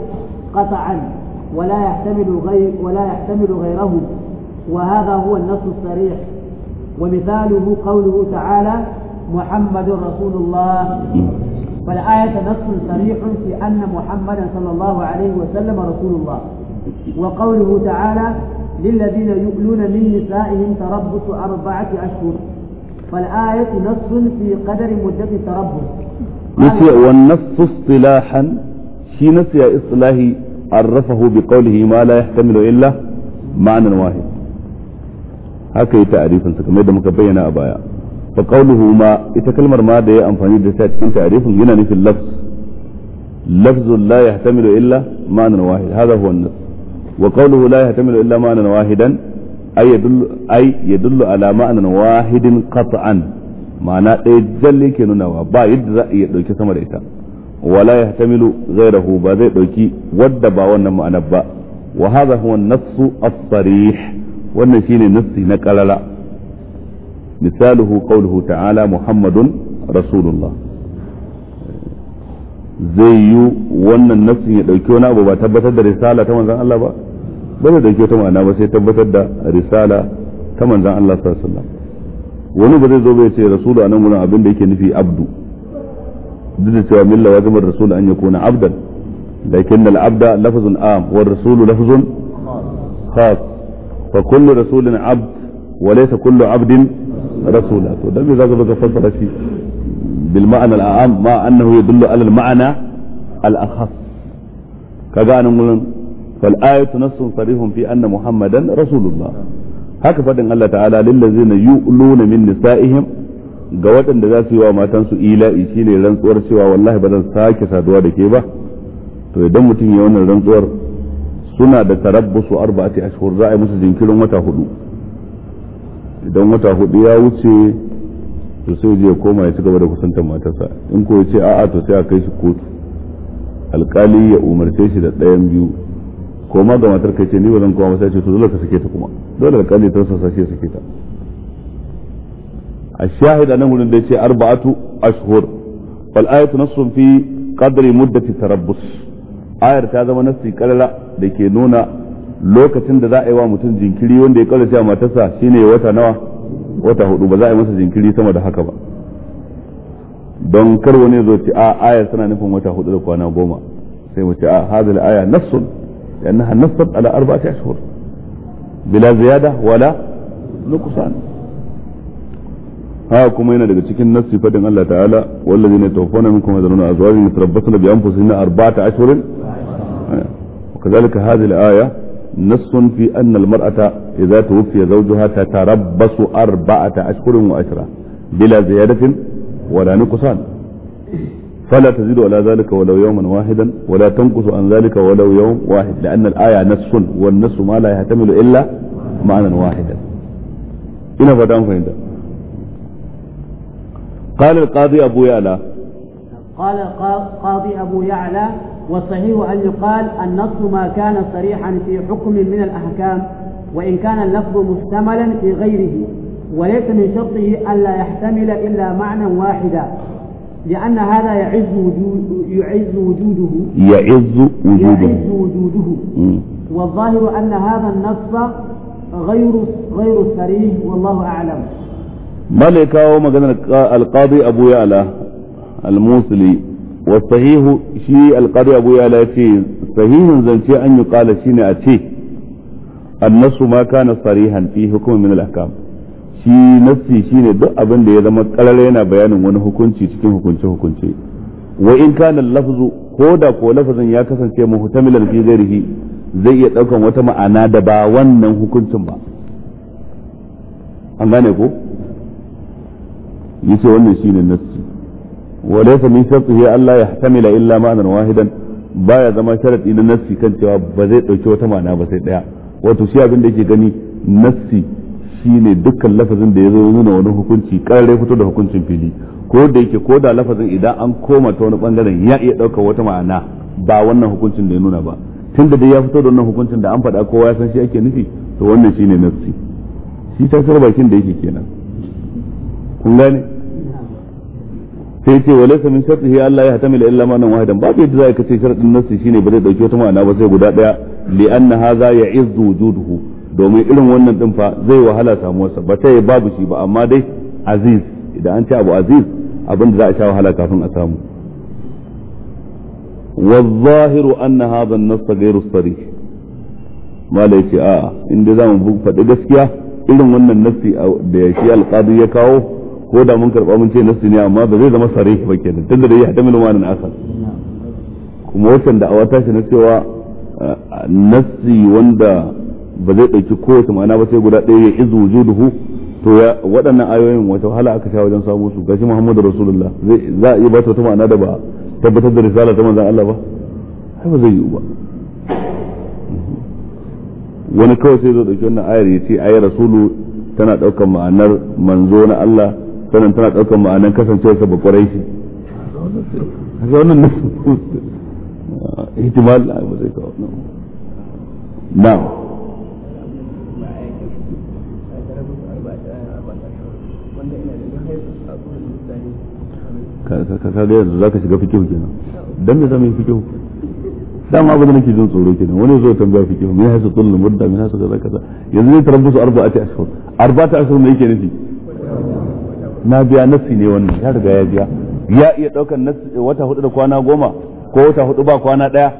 قطعا ولا يحتمل غير ولا يحتمل غيره وهذا هو النص الصريح ومثاله قوله تعالى محمد رسول الله فالآية نص صريح في أن محمدا صلى الله عليه وسلم رسول الله وقوله تعالى للذين يؤلون من نسائهم تربص أربعة أشهر فالآية نص في قدر مدة التربص يسيء والنص اصطلاحا شي نسي اصطلاحي عرفه بقوله ما لا يحتمل إلا معنى واحد haka yi ta'arifin sa kamar da muka bayyana a baya fa qawluhu ma ita kalmar ma da ya amfani da ta cikin ta'arifin yana nufin lafz lafzun la yahtamilu illa ma'nan wahid hadha huwa an-nas wa qawluhu la yahtamilu illa ma'nan wahidan ai yadullu ay yadullu ala ma'anan wahidin qat'an ma'ana ɗaya jalle ke nunawa ba yadda za a iya ɗauki sama da ita wala yahtamilu ghayrahu ba zai ɗauki wadda ba wannan ma'anar ba wa hadha huwa an-nassu as-sarih wannan shine nassi na qarara misaluhu qawluhu ta'ala muhammadun rasulullah zai yi wannan nassin ya ɗauki wani abu ba tabbatar da risala ta manzon Allah ba ba zai dauke ta ma'ana ba sai tabbatar da risala ta manzan Allah sallallahu alaihi wasallam wani ba zai zo ba ya ce rasulu anan nan abin da yake nufi abdu duk da cewa milla wajibin rasulu an yakuna abdan lakin al abda lafzun am wa rasulu lafzun khas fa kullu rasulin abd wa laysa kullu abdin rasula to dan me zaka baka fassara shi bil ma'ana al am ma annahu yadullu ala al ma'ana al akhas kaga anan wurin wal ayatu nassun sarihun fi anna muhammadan rasulullah haka faɗin Allah ta'ala zai lillazina yu'luna min nisa'ihim ga waɗanda za su yi wa matansu ila'i shine rantsuwar cewa wallahi ba zan sake saduwa da ke ba to idan mutum ya wannan rantsuwar suna da tarabbusu arba'ati ashhur za a yi musu jinkirin wata hudu idan wata hudu ya wuce to sai je ya koma ya cigaba da kusantar matarsa in ko ya ce a'a to a kai shi kotu alkali ya umarce shi da ɗayan biyu koma ga matar kai ce ni ba zan koma sai ce su dole ka sake ta kuma dole alƙali ta sa sake sake ta الشاهد أنه من ليس أربعة أشهر والآية نص في قدر مدة ayar ta zama نص kalala da ke nuna lokacin da za a yi wa mutum jinkiri wanda ya kaura cewa matarsa shine wata nawa wata hudu ba za a yi masa jinkiri sama da haka ba don kar wani zo a ayar tana nufin wata hudu da kwana goma sai mace a hadal aya nassun لأنها نصت على أربعة أشهر بلا زيادة ولا نقصان هاكم كما هنا لقد النص نفس فتن الله تعالى والذين يتوفون منكم يذرون أزواج يتربصن بأنفسهن أربعة أشهر وكذلك هذه الآية نص في أن المرأة إذا توفي زوجها تتربص أربعة أشهر وعشرة بلا زيادة ولا نقصان فلا تزيد على ذلك ولو يوما واحدا ولا تنقص عن ذلك ولو يوم واحد لأن الآية نص والنص ما لا يحتمل إلا معنى واحدا إلى فتان فهمت قال القاضي أبو يعلى قال القاضي أبو يعلى والصحيح أن يقال النص ما كان صريحا في حكم من الأحكام وإن كان اللفظ محتملا في غيره وليس من شرطه ألا يحتمل إلا معنى واحدا لأن هذا يعز وجوده يعز وجوده يعز وجوده يعز وجوده والظاهر أن هذا النص غير غير صريح والله أعلم ملك ومجن القاضي أبو يعلى الموصلي والصحيح شيء القاضي أبو يعلى شيء صحيح زنشي أن يقال شيء أتي النص ما كان صريحا في حكم من الأحكام shi nassi shine duk abin da ya zama karare yana bayanin wani hukunci cikin hukunce hukunce wa in kana lafzu ko da ko lafazin ya kasance muhtamilan fi ghairihi zai iya daukan wata ma'ana da ba wannan hukuncin ba an gane ko yace wannan shine nassi wa laysa min shartihi alla yahtamila illa ma'nan wahidan baya zama sharadi na nassi kan cewa ba zai dauki wata ma'ana ba sai daya wato shi abin da yake gani nassi shi ne dukkan lafazin da ya zo nuna wani hukunci karare fito da hukuncin fili ko da yake ko da lafazin idan an koma ta wani bangaren ya iya ɗaukar wata ma'ana ba wannan hukuncin da ya nuna ba tun da dai ya fito da wannan hukuncin da an faɗa kowa ya san shi ake nufi to wannan shine nafsi shi tasar bakin da yake kenan kun gane sai ce wale sa min shartihi Allah ya hatamila illa ma nan wahidan babu yadda za ka kace sharadin nafsi shine ba zai dauki wata ma'ana ba sai guda daya li anna hadha ya'izzu wujuduhu domi irin wannan dumfa zai wahala samu wasu ba sai babu shi ba amma dai aziz idan an ci abu aziz za za'a sha wahala kafin a samu. wa zahiru an na haɓa na fita gairufare. maleci inda zamu bug faɗi gaskiya irin wannan nasti da ya shi alƙadun ya kawo ko da mun karba mun ci yin ne amma ba zai zama sare ka bake da dare yaha ta milumana na kuma watan da awa tace na sayo wa nasti wanda. ba zai ɗauki kowace ma'ana ba sai guda ɗaya ya izu wujuduhu to ya waɗannan ayoyin wata wahala aka sha wajen samu su gashi Muhammadu Rasulullah zai za a yi ba ta ma'ana da ba tabbatar da risala ta manzon Allah ba ai ba zai yi ba mhm. wani kawai sai zo dauki wannan ayar ya ce ayar rasulu tana ɗaukar ma'anar manzo na Allah sannan tana ɗaukar ma'anar kasancewar ba kwarai shi wannan ihtimal ba zai kawo na'am ka ga yanzu zaka shiga fikihu kenan dan me zamu yi fikihu dama abin da nake jin tsoro kenan wani zo tambaya fikihu me hasu tulul mudda me hasu kaza kaza yanzu ne tarabbusu arba'ati ashhur arba'ati ashhur me yake nufi na biya nafsi ne wannan ya riga ya biya ya iya daukan wata hudu da kwana goma ko wata hudu ba kwana daya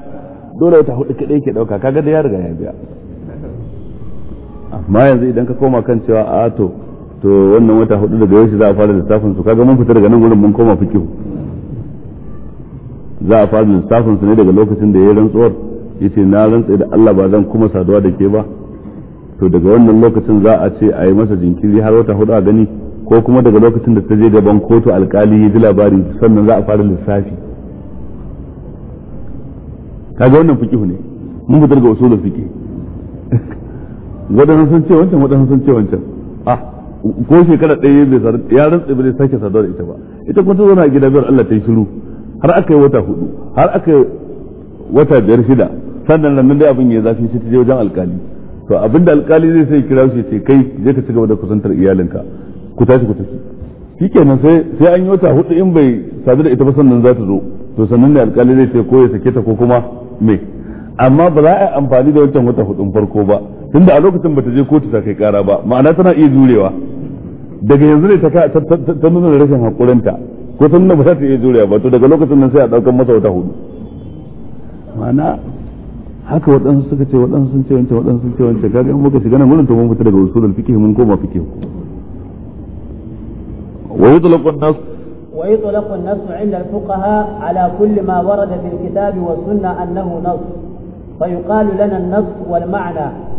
dole wata hudu kadai ke dauka kaga da ya riga ya biya amma yanzu idan ka koma kan cewa a to to wannan wata hudu daga yau za a fara lissafin su kaga mun fita daga nan gurin mun koma fikihu za a fara lissafin su ne daga lokacin da ya rantsuwar yace na rantsa da Allah ba zan kuma saduwa da ke ba to daga wannan lokacin za a ce a yi masa jinkiri har wata hudu a gani ko kuma daga lokacin da ta je gaban kotu alkali ya ji labari sannan za a fara lissafi kaga wannan fikihu ne mun fitar ga usulul fiqh wadannan sun ce wancan wadannan sun ce wancan ah ko shekara ɗaya bai sadu ya rantsa bai sake saduwa da ita ba ita kuma ta zauna a gida biyar Allah ta yi shiru har aka yi wata hudu har aka yi wata biyar shida sannan nan dai abin ya zafi sai ta je wajen alkali to abinda alkali zai sai kira shi ce kai je ka cigaba da kusantar iyalinka ku tashi ku tafi shikenan sai sai an yi wata hudu in bai sadu da ita ba sannan za ta zo to sannan ne alkali zai ce ko ya sake ta ko kuma me amma ba za a yi amfani da wancan wata hudun farko ba tunda a lokacin bata je kotu ta kai kara ba ma'ana tana iya jurewa daga yanzu ne ta nuna rashin haƙurinta ko tun nuna ba za ta iya juriya ba to daga lokacin nan sai a ɗaukar masa wata hudu mana haka waɗansu suka ce waɗansu sun ce wancan waɗansu sun ce wancan kaga in muka shiga nan wurin to mun fita daga usulul fiqh mun koma fiqh wa yutlaqu an-nas wa yutlaqu an-nas 'inda al-fuqaha 'ala kulli ma warada fil kitab wa sunnah annahu nas fa yuqalu lana an-nas wal ma'na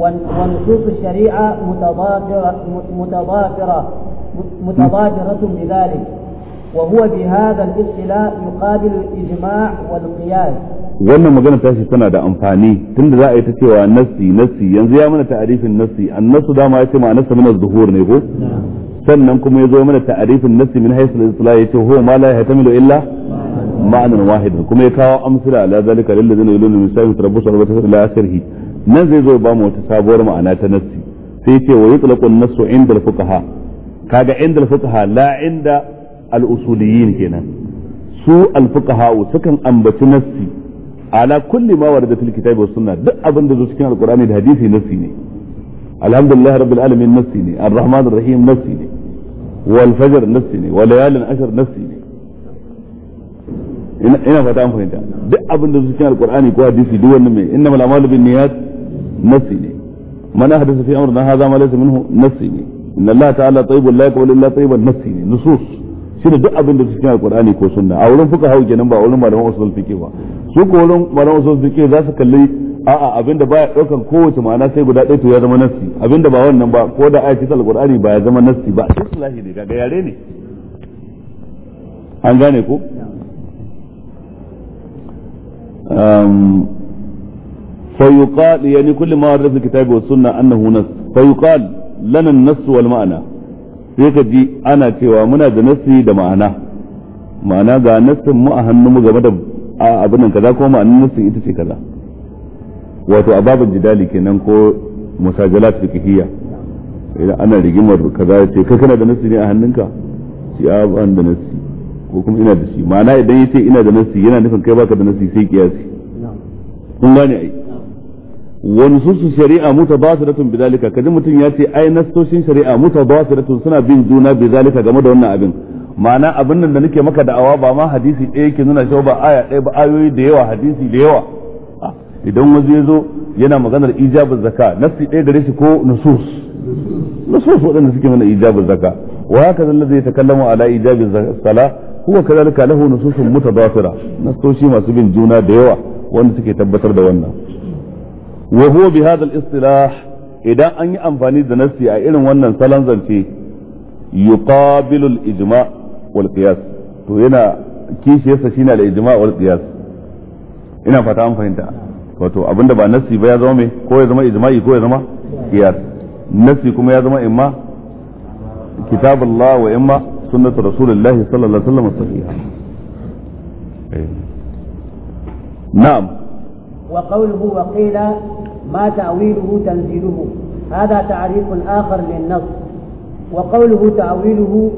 ونصوص الشريعة متضافرة متضافرة متضافرة بذلك وهو بهذا الاصطلاح يقابل الإجماع والقياس wannan magana ta shi tana da amfani tunda za a yi ta cewa nassi nassi yanzu ya mana ta'arifin nassi annasu dama ya ce ma'anarsa min az-zuhur ne ko sannan kuma ya zo mana ta'arifin nassi min haythu al-islah ya ce huwa ma la yahtamilu illa ma'anan wahid kuma ya kawo amsala ala zalika lil ladina yuluna min sa'in tarabbusu arba'ata ila akhirih nan zai zo ba mu wata sabuwar ma'ana ta nassi sai ce wa yutlaqu an-nassu inda al-fuqaha kaga inda al-fuqaha la inda al-usuliyyin kenan su al-fuqaha sukan ambaci nassi ala kulli ma warada fil kitabi was sunna duk abin da zo cikin alqur'ani da hadisi nassi ne alhamdulillah rabbil alamin nassi ne ar-rahman ar-rahim nassi ne wal fajr nassi ne wa layalin ashr ne ina fata an fahimta duk abin da zo cikin ko hadisi duk wannan mai innamal a'malu binniyat nafsi ne mana hadisa fi amrina hadha ma laysa minhu nafsi ne inna Allah ta'ala tayyibun la yaqbalu illa tayyiban nafsi ne nusus shi da duk abinda da cikin alqur'ani ko sunna a wurin fuka hau kenan ba a wurin malaman usul fiqh su ko wurin malaman usul fiqh za su kalli a'a abinda baya daukan kowace ma'ana sai guda ɗaya to ya zama nassi abinda ba wannan ba ko da ayati alqur'ani ba ya zama nassi ba islahi ne kaga yare ne an gane ko فيقال يعني كل ما ورد في الكتاب والسنة أنه نص فيقال لنا النص والمعنى sai ji ana cewa muna da nassi da ma'ana ma'ana ga nassin mu a hannunmu game da abin nan kaza ko ma'anin nassin ita ce kaza wato a jidali kenan ko musajalat fiqhiyya idan ana rigimar kaza ce kai kana da nassi a hannunka shi a da nassi ko kuma ina da shi ma'ana idan yace ina da nassi yana nufin kai baka da nassi sai kiyasi Wani sun su shari'a ba su mutabasiratun bizalika kaji mutum ya ce ai nasoshin shari'a ba su mutabasiratun suna bin juna bizalika game da wannan abin ma'ana abin nan da nake maka da'awa ba ma hadisi ɗaya ke nuna cewa ba aya ɗaya ba ayoyi da yawa hadisi da yawa ah, idan wasu ya zo yana maganar ijabin zaka nasi ɗaya da shi ko nusus nusus waɗanda suke mana ijabin zaka wa haka zalla zai takallamu ala ijabin sala huwa kadalika lahu nususun mutabasira nasoshi masu bin juna da yawa wanda suke tabbatar da wannan wa huwa bi hadha al-istilah idan an yi amfani da nassi a irin wannan salon zance yuqabilu al-ijma wal qiyas to yana kishiyarsa shine da ijma wal qiyas ina fata an fahimta wato abinda ba nassi ba ya zama me ko ya zama ijma'i ko ya zama qiyas nassi kuma ya zama imma kitabullah wa imma sunnatu rasulillahi sallallahu alaihi wasallam sahiha eh. na'am وقوله وقيل ما تأويله تنزيله هذا تعريف آخر للنص وقوله تأويله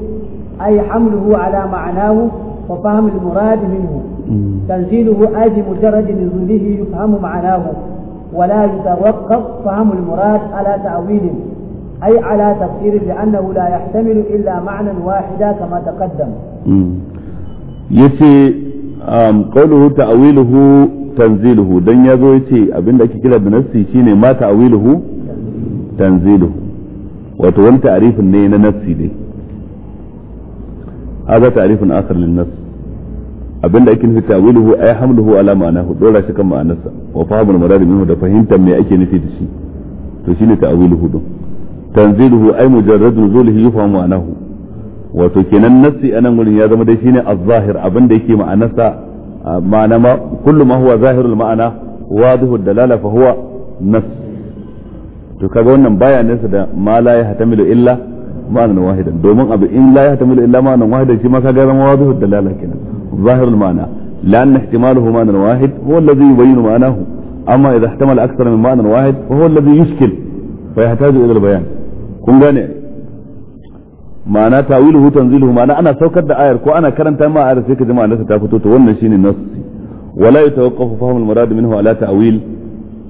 أي حمله على معناه وفهم المراد منه تنزيله أي بمجرد نزوله يفهم معناه ولا يتوقف فهم المراد على تأويله أي على تفسير لأنه لا يحتمل إلا معنى واحدا كما تقدم يسي قوله تأويله tanziluhu dan ya zo yace abinda ake kira da nassi shine ma ta'wiluhu tanziluhu wato wani ta'rifin ne na nafsi dai hada ta'rifin akhar lin nass abinda ake nufi ta'wiluhu ay hamluhu ala ma'anahu dora shi kan ma'anarsa wa fahimul murad minhu da fahimtar me ake nufi da shi to shine ta'wiluhu din tanziluhu ay mujarrad nuzulihi yufhamu ma'anahu wato kenan nafsi anan gurin ya zama dai shine az-zahir abinda yake ma'anarsa معنى ما كل ما هو ظاهر المعنى واضح الدلالة فهو نص to kaga wannan baya nesa da ma la ya hatamilu illa ma'anan wahidan domin abu in la ya hatamilu illa ma'anan wahidan shi ma kaga zama wadihu dalala kenan zahirul ma'ana لأن احتماله معنى واحد هو الذي يبين معناه أما إذا احتمل أكثر من معنى واحد فهو الذي يشكل فيحتاج إلى البيان كن جانئ ma'ana tawiluhu tanziluhu ma'ana ana saukar da ayar ko ana karanta ma ayar sai ka ji ma'anarsa ta fito to wannan shine nasu wala yatawaqqafu fahmu al-murad minhu ala ta'wil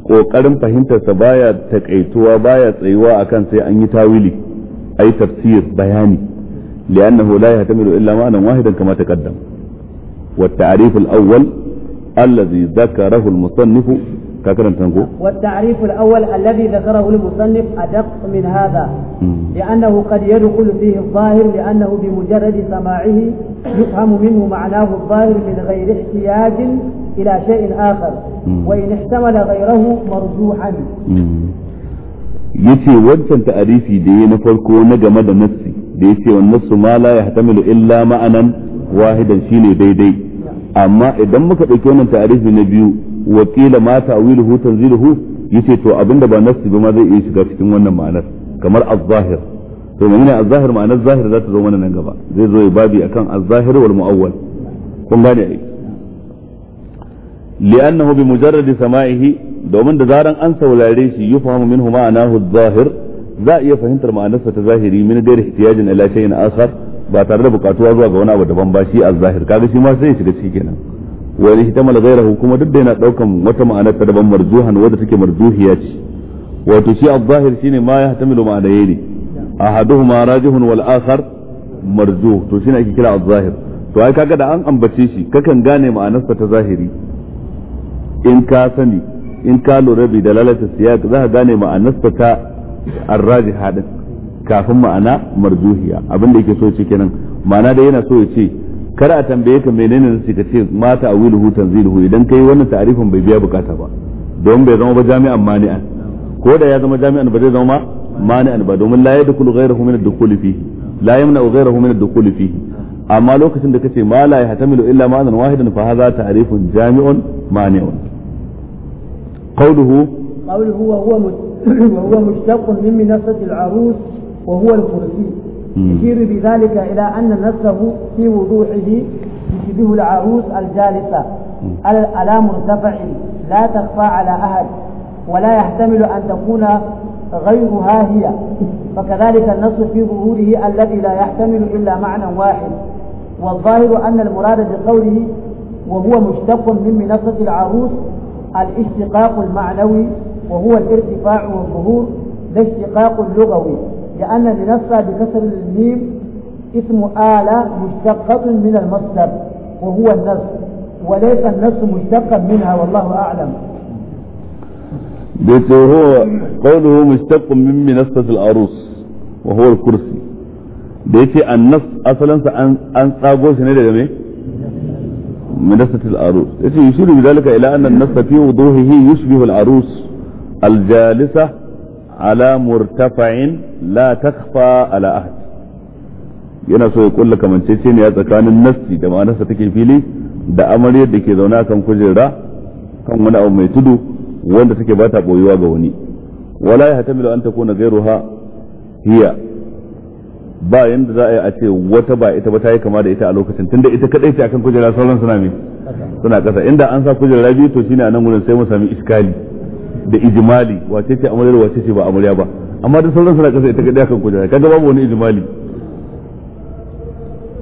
kokarin fahimtar sa baya takaituwa baya tsayuwa akan sai an yi tawili ai tafsir bayani li'annahu la yahtamilu illa ma'ana wahidan kama taqaddam wa at-ta'rif al-awwal الذي ذكره المصنف ka karanta ko والتعريف الأول الذي ذكره المصنف أدق من هذا لأنه قد يدخل فيه الظاهر لأنه بمجرد سماعه يفهم منه معناه الظاهر من غير احتياج إلى شيء آخر وإن احتمل غيره مرجوحا yace wancan ta'arifi da ya na farko na game da nassi da yace wannan su ma la yahtamilu illa ma'anan wahidan shine daidai amma idan muka ɗauki wannan ta'arifi na biyu wakila mata ma ta'wiluhu tanziluhu yace to abinda ba nassi ba ma zai iya shiga cikin wannan ma'anar kamar az-zahir to menene az-zahir ma'anar zahir za ta zo mana nan gaba zai zo babi akan az-zahir wal mu'awwal kun gane ai li'annahu bi mujarrad sama'ihi domin da zaran an saurare shi yufahamu minhu ma'anahu az-zahir za a iya fahimtar ma'anarsa ta zahiri min da ihtiyajin ila shay'in akhar ba tare da bukatuwa zuwa ga wani abu daban ba shi az-zahir kaga shi ma sai ya shiga cikin kenan wa in ihtamala kuma duk da yana daukan wata ma'ana ta daban marjuhan wadda take marjuhiya ce wato shi al-zahir shine ma ya yahtamilu ma'anayni ahaduhuma rajihun wal akhar marjuh to shine ake kira al-zahir to ai kaga da an ambace shi kakan gane ma'anarsa ta zahiri in ka sani in ka lura bi dalalata siyaq za ka gane ma'anarsa ta ar-rajiha din kafin ma'ana marjuhiya abin da yake so ce kenan ma'ana da yana so ya ce kar a tambaye ka menene nasi ka ce ma ta'awiluhu tanziluhu idan kai wannan ta'arifin bai biya bukata ba don bai zama ba jami'an mani'an ko da ya zama jami'an ba zai zama ma mani'an ba domin la yadkul ghayruhu min ad-dukhuli fihi la yamna'u ghayruhu min ad-dukhuli fihi amma lokacin da kace ma la yahtamilu illa ma'nan wahidan fa hadha ta'rifun jami'un mani'un qawluhu qawluhu wa huwa wa huwa mushtaq min minasati al-arus wa huwa al-kursi يشير بذلك إلى أن نفسه في وضوحه يشبه العروس الجالسة على مرتفع لا تخفى على أحد ولا يحتمل أن تكون غيرها هي فكذلك النص في ظهوره الذي لا يحتمل إلا معنى واحد والظاهر أن المراد بقوله وهو مشتق من منصة العروس الاشتقاق المعنوي وهو الارتفاع والظهور لا اشتقاق لغوي لأن لنفع بكسر الميم اسم آلة مشتقة من المصدر وهو النفس وليس النفس مشتقا منها والله أعلم بيت هو قوله مشتق من منصة العروس وهو الكرسي بيت النص أصلا أن تاغوش نيدا من منصة العروس يشير بذلك إلى أن النص في وضوحه يشبه العروس الجالسة ala murtafa'in la takfa ala ahad yana so ya kulla a tsakanin nassi da ma'anarsa take fili da amaryar da ke zaune kan kujera kan wani abu mai tudu wanda take bata boyuwa ga wani wala ya hatamilu an takuna ghairuha hiya ba yanda za a yi a ce wata ba ita ba ta yi kama da ita a lokacin tunda ita kadai ce akan kujera sauran suna mai suna kasa inda an sa kujera biyu to shine a nan gurin sai mu sami iskali da ijmali wace ce amarya wace ce ba amarya ba amma da sauran suna kasa ita ga kan kujera kaga babu wani ijmali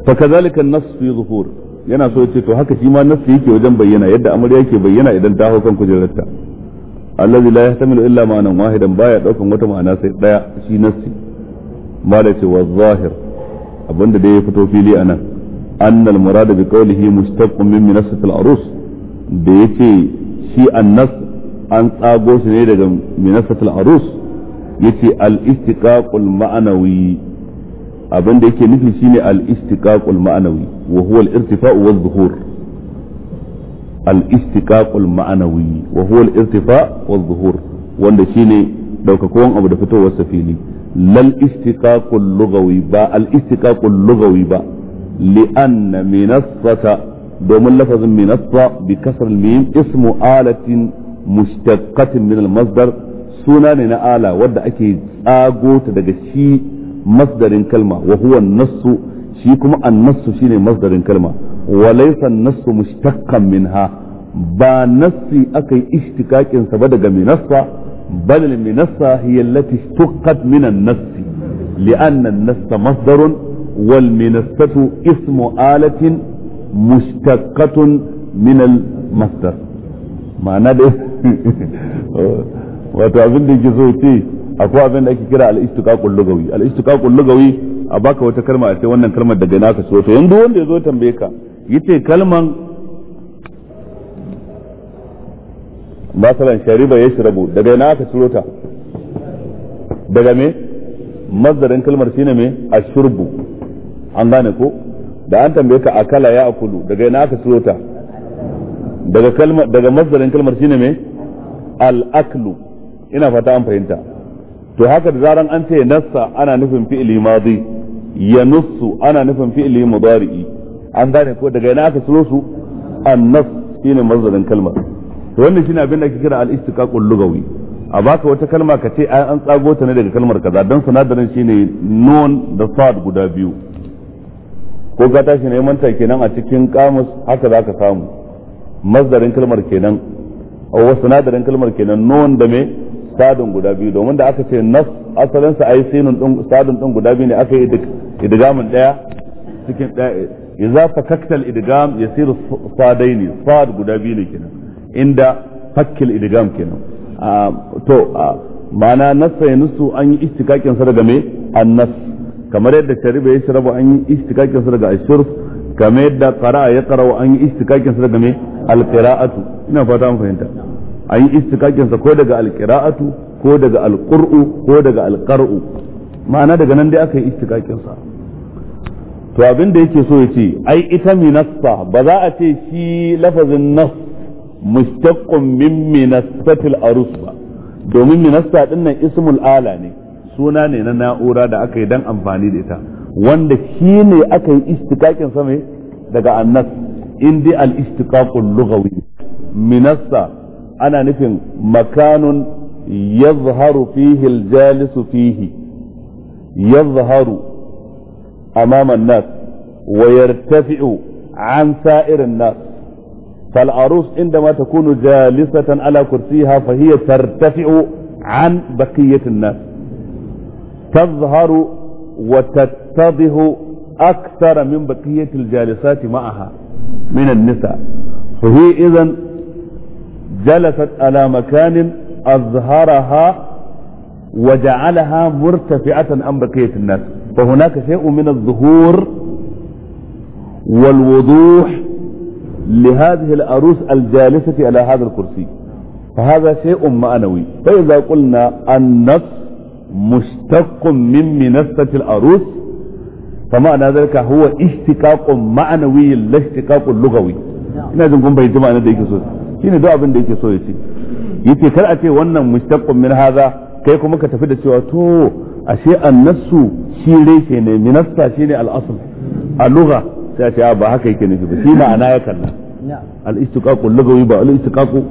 fa kazalika an-nas fi zuhur yana so yace to haka shi ma nas yake wajen bayyana yadda amarya yake bayyana idan ta hau kan kujerarta allazi la yahtamilu illa ma'anan wahidan baya daukan wata ma'ana sai daya shi nasi ba da ce wa zahir abinda da ya fito fili anan annal murada bi qawlihi mustaqqun min minasat al-arus da yace shi annas an tsago shi ne daga minasatul arus yace al-istiqaqul ma'anawi abin da yake nufi shine al-istiqaqul ma'anawi wa huwa al-irtifa'u wadh-dhuhur al-istiqaqul ma'anawi wa huwa al-irtifa' wadh-dhuhur wanda shine daukakowan abu da fitowar fili lal istiqaqul lughawi ba al-istiqaqul lughawi ba li'anna minassata domin lafazin minassa bi kasar mim ismu alatin mushtaqatin min al-masdar suna ne na ala wadda ake tsago ta daga shi masdarin kalma wa huwa nassu shi kuma an-nassu shine masdarin kalma wa laysa an-nassu mushtaqqan minha ba nassi akai ishtiqaqin sa ba daga minassa bal al-minassa hiya allati ishtaqqat min an-nassi لأن النس مصدر والمنسة اسم آلة مشتقة من المصدر ma'ana da wato abin da yake so ce akwai abin da ake kira al-istiqaqul lugawi al-istiqaqul lugawi a baka wata kalma a ce wannan kalmar daga naka so to yanzu wanda yazo tambaye ka yace kalman masalan shariba yashrabu daga ina aka ciro ta daga me mazdarin kalmar shine me ashurbu an gane ko da an tambaye ka akala ya akulu daga ina aka ciro ta daga kalma daga masdarin kalmar shine me al-aklu ina fata an fahimta to haka da zaran an ce nassa ana nufin fi'ili madi ya nussu ana nufin fi'ili mudari'i an gane ko daga ina aka suro su an-nass shine masdarin kalmar to wannan shine abin da ake kira al-istiqaqul lugawi a baka wata kalma ka ce an tsago ta ne daga kalmar kaza dan sinadarin shine nun da sad guda biyu ko ka tashi neman ta kenan a cikin kamus haka zaka samu mazdarin kalmar kenan wasu sinadarin kalmar kenan nun da me sadun guda biyu domin da aka ce nas asalin sa ai sinun sadin sadun guda biyu ne aka yi idgamin daya cikin daya idigam ya idgam yasiru sadaini sad guda biyu ne kenan inda fakkil idgam kenan ah, to ah, ma'ana nasa ya nusu an yi istikakin sa daga me annas kamar yadda shariba ya shirabu an yi istikakin sa daga ashurf game da qara'a ya qara'u an yi istikakin sa daga me alqira'atu ina fata an fahimta an yi istikakin sa ko daga alqira'atu ko daga alqur'u ko daga alqar'u ma'ana daga nan dai aka yi istikakin sa to abin da yake so ya ce ai ita minassa ba za a ce shi lafazin nas mustaqqun min minassatil arus ba domin minassa dinnan ismul ala ne suna ne na na'ura da aka yi dan amfani da ita wanda shi ne aka yi istikakin sa mai daga annas indi al istiqaqul lughawi minassa ana nufin makanun yadhharu fihi al jalis fihi yadhharu amama an-nas wa yartafi'u an sa'ir an-nas فالعروس عندما تكون جالسة على كرسيها فهي ترتفع عن بقية nas تظهر وتتضح أكثر من بقية الجالسات معها من النساء فهي إذا جلست على مكان أظهرها وجعلها مرتفعة عن بقية الناس فهناك شيء من الظهور والوضوح لهذه الأروس الجالسة على هذا الكرسي فهذا شيء معنوي فإذا قلنا النص mushtaqqun min minassatil arus fa ma'ana zalika huwa ishtiqaqun ma'nawi la ishtiqaqun lughawi ina jin kun bai jama'a da yake so ne duk abin da yake so ya ce yace kar a ce wannan mushtaqqun min haza kai kuma ka tafi da cewa to ashe annasu shi reshe ne minasta shi ne asl a lugha sai a ce ba haka yake nufi ba shi ma'ana ya kalla al-istiqaqu lughawi ba al-istiqaqu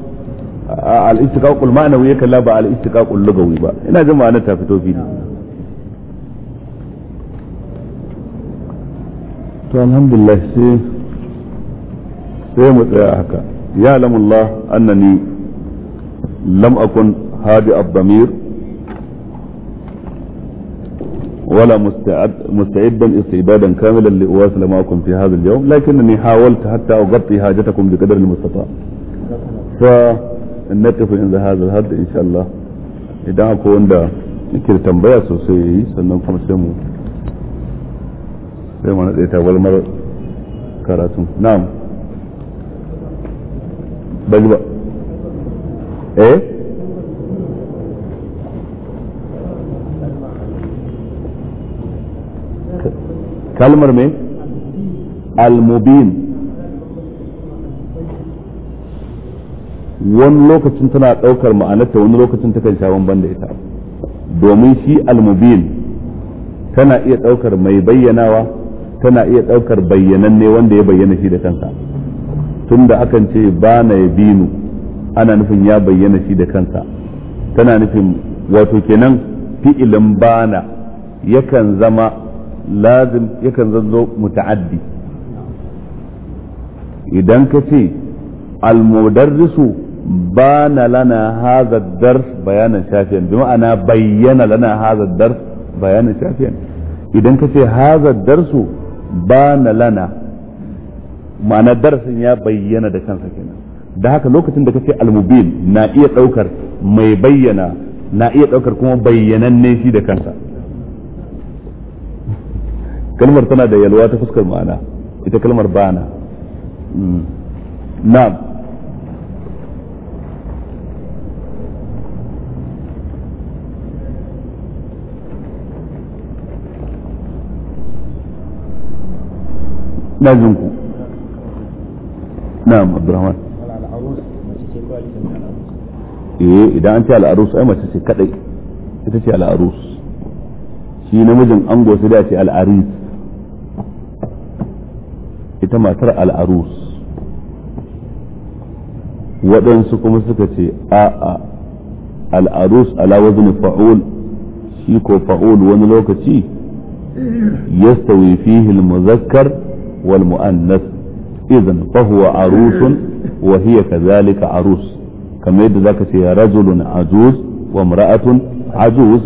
al-istiqaqul ma'nawi ya kalla ba al-istiqaqul lugawi ba ina jin ma'anar ta fito fili to alhamdulillah sai sai mu tsaya haka ya Allah annani lam akun hadi ad-damir ولا مستعد مستعدا استعدادا كاملا لاواصل معكم في هذا اليوم لكنني حاولت حتى اغطي حاجتكم بقدر المستطاع ف naqifu in za hadha hadd insha Allah idan akwai wanda yake da tambaya sosai yayi sannan kuma sai mu sai mu nade ta walmar karatu na'am bali ba eh kalmar me al-mubin wani lokacin tana ɗaukar ma'anarta wani lokacin takan sha bamban da ita domin shi almubin tana iya ɗaukar mai bayyanawa tana iya ɗaukar bayyananne wanda ya bayyana shi da kansa tunda akan ce ba na ya binu ana nufin ya bayyana shi da kansa tana nufin wato kenan fi'ilin bana yakan zama lazim yakan zanzo muta'addi idan ka ce al-mudarrisu na haza بان لنا هذا الدرس بيانا شافيا بمعنى بين لنا هذا الدرس بيانا شافيا إذا كنت هذا الدرس بان لنا ma'ana darasin ya bayyana da kansa kenan da haka lokacin da kace almubin na iya daukar mai bayyana na iya daukar kuma bayyananne shi da kansa kalmar tana da yalwa ta fuskar ma'ana ita kalmar bana hmm. na'am na jinku na'am abdurrahman eh idan an ce al'arus ai mace ce kadai ita ce al'arus shi namijin ango sai da al'aris ita matar al'arus waɗansu kuma suka ce a'a al'arus ala wazni fa'ul shi ko fa'ul wani lokaci yastawi fihi والمؤنث إذا فهو عروس وهي كذلك عروس كما يد يا رجل عجوز وامرأة عجوز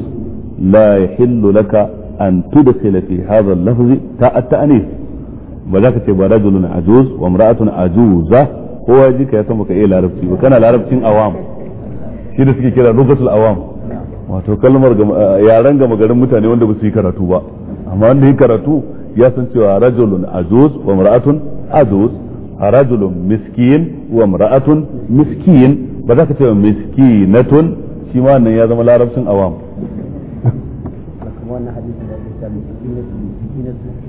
لا يحل لك أن تدخل في هذا اللفظ تاء التأنيث وذاك رجل عجوز وامرأة عجوزة هو يجيك يا تمك إيه العربي وكان العرب العربي أوام shi da suke لغه الاوام awam wato kalmar yaren gama garin mutane wanda ba su yi karatu ba amma wanda yi karatu ya san cewa rajulun ajuz wa mar'atun ajuz rajulun miskin wa mar'atun miskin ba za ka ce miskinatun shi ma nan ya zama larabcin awam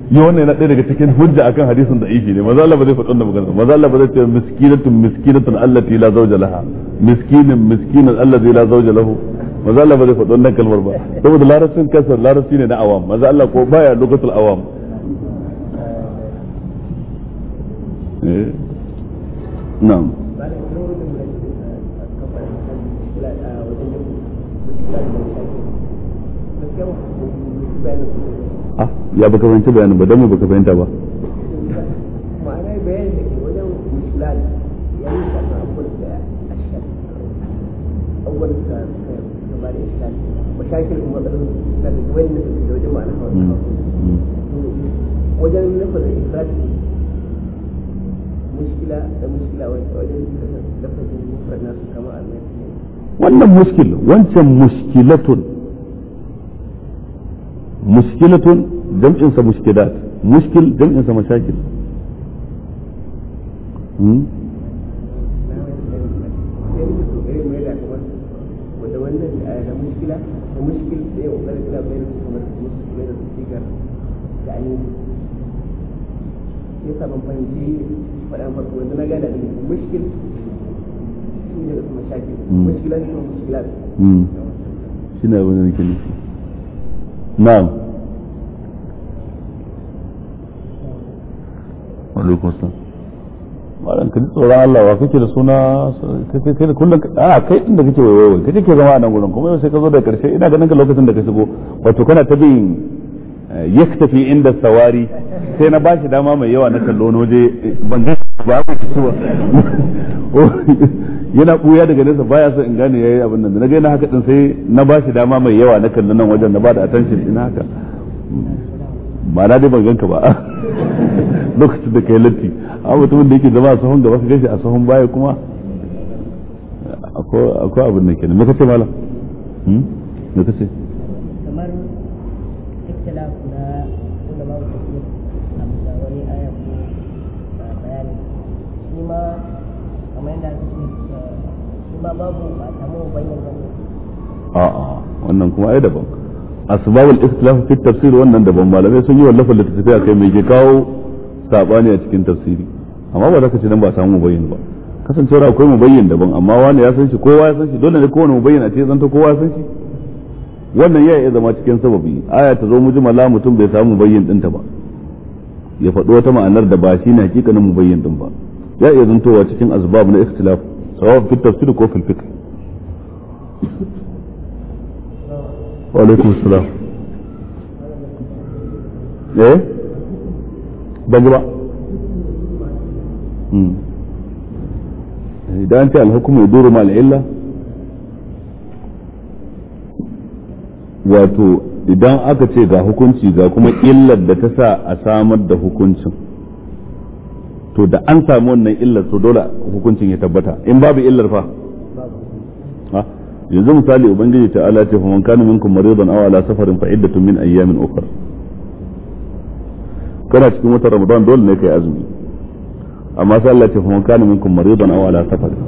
yi wannan yana ɗaya daga cikin hujja akan hadisin da ishi ne maza Allah ba zai faɗi wannan magana maza Allah ba zai ce miskinatun miskinatun allati la zawja laha miskinin miskinan allah la zawja lahu maza Allah ba zai faɗi wannan kalmar ba saboda larabcin kasar larabci ne na awam maza Allah ko baya lokacin awam eh Ah ya baka fahimci bayanin ba don mu baka fahimta ba ma'anar bayanin da ke wajen ya yi abubuwan da abubuwan da kuma da wajen ma'anar mm, mm. wajen nufin da mushkila da mushkila wajen lafazin mufrad nasu kama annabi wannan mushkil wancan mushkilatun mushkilatun jam'insa mushkilat mushkil jam'insa mashakil يعني hmm? faɗa farko yanzu na gane abin mushkil mashakil ne hmm. hmm. shi ne abin da nake nufi na'am alaikum salam malam ka ji tsoron Allah wa kake da suna kai da kullum a kai din da kake kake zama a nan gurin kuma yau sai ka zo da karshe ina ganin ka lokacin da ka shigo wato kana ta bin eh, yaktafi inda sawari sai na bashi dama mai yawa na kallo ban ba ku ci suwa yana buya daga nesa baya son in gane yayi abin nan na ga yana haka din sai na bashi dama mai yawa na kallon nan wajen na bada attention ina haka ba na dai ban ganka ba lokacin da kai latti a mutumin da yake zama a sahun gaba ka gashi a sahun baya kuma akwai abin nan kenan me kace malam hmm? me kace bayyana a'a wannan kuma ai daban asbabul ikhtilaf fi tafsir wannan daban malamai sun yi wallafa littattafai akai mai ke kawo sabani a cikin tafsiri amma ba za ka ce nan ba samu mubayyin ba kasancewar akwai mubayyin daban amma wani ya san shi kowa ya san shi dole ne kowane mubayyin a ce zanta kowa ya san shi wannan ya iya zama cikin sababi aya ta zo mujmala mutum bai samu mubayyin dinta ba ya faɗo wata ma'anar da ba shi ne hakikanin mubayyin din ba ya iya zantowa cikin asbab na ikhtilaf sawab fi tafsir ko fil fiqh wa alaikum assalam eh ba idan ce alhukumu yaduru ma al'illa wato idan aka ce ga hukunci ga kuma illar da ta sa a samar da hukuncin to da an samu wannan illar to dole hukuncin ya tabbata in babu illar fa yanzu misali ubangiji ta ala ce faman kana minkum maridan aw ala safarin fa iddatun min ayyamin ukhra kana cikin wata ramadan dole ne kai azumi amma sai Allah ya ce faman kana minkum maridan aw ala safarin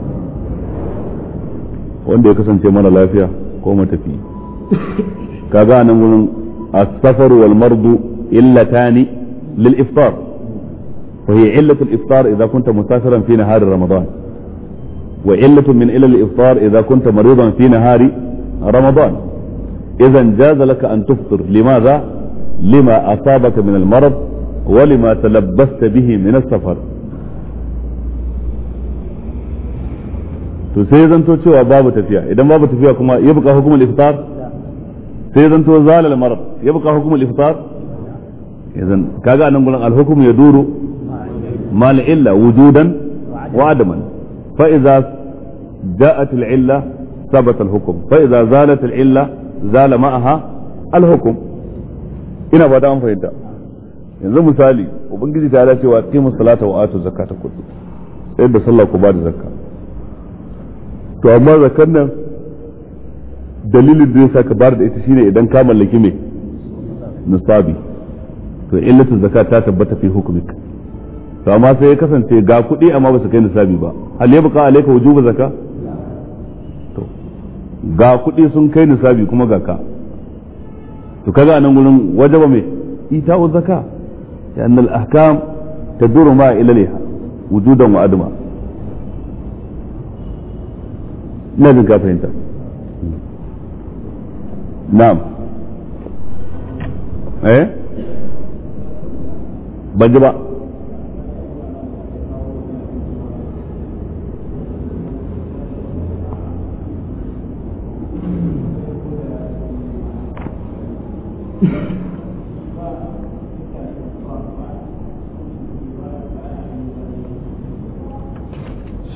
wanda ya kasance mara lafiya ko matafi kaga nan gurin as-safar wal mardu illatani lil iftar وهي علة الإفطار إذا كنت مسافرا في نهار رمضان وعلة من إلى الإفطار إذا كنت مريضا في نهار رمضان إذا جاز لك أن تفطر لماذا؟ لما أصابك من المرض ولما تلبست به من السفر to sai zanto cewa babu tafiya idan babu tafiya kuma ya buka hukumul iftar sai zanto zalal marad ya buka hukumul iftar idan kaga anan gurin ya ما لإلا وجودا وعدما فإذا جاءت العلة ثبت الحكم فإذا زالت العلة زال معها الحكم ina fata an fahimta yanzu misali ubangiji ta dace wa qimu salata wa atu zakata kullu sai da sallah ku ba da zakka to amma zakkan nan dalilin da yasa ka bar da ita shine idan ka mallaki me nisabi to illatu zakata ta tabbata fi hukumika to amma sai ya kasance ga kuɗi amma ba su kai nisabi ba hal ya buka alaika wujuba zaka to ga kuɗi sun kai nisabi kuma ga ka to kaga nan gurin wajaba mai ita'u zaka ya annal ahkam taduru ma ila liha wujudan wa adma na jin ka fahimta na'am eh ban ji ba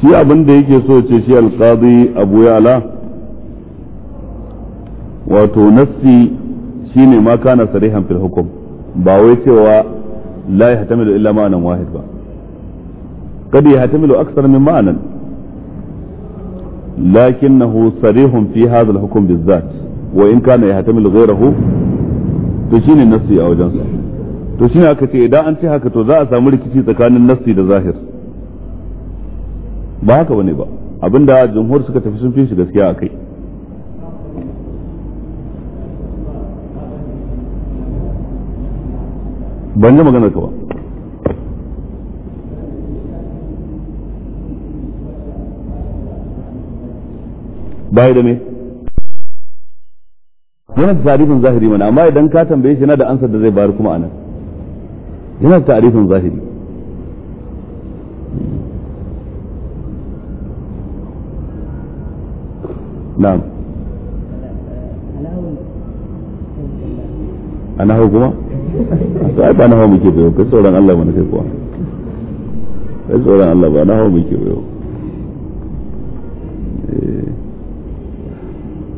shi abin da yake so ce shi alqadi abu ya'la wato nassi shine ma kana sarihan fil hukum ba wai cewa la yahtamilu illa ma'anan wahid ba kad yahtamilu aksar min ma'anan lakinnahu sarihun fi hadha al hukm bizzat wa in kana yahtamilu ghayrahu to shine nassi a wajen wajensa to shine aka ce idan an ce haka to za a samu rikici tsakanin nassi da zahir ba haka bane ba abinda jamhur suka tafi sun fi shi gaskiya a kai ban ji maganar ka ba bai da me yana da tarifin zahiri mana amma idan ka tambaye shi yana da ansar da zai bayar kuma anan yana da tarifin zahiri a nahawu kuma to ai ba nahawu muke bayo kai tsoron Allah mana kai kuwa kai tsoron Allah ba nahawu muke bayo eh.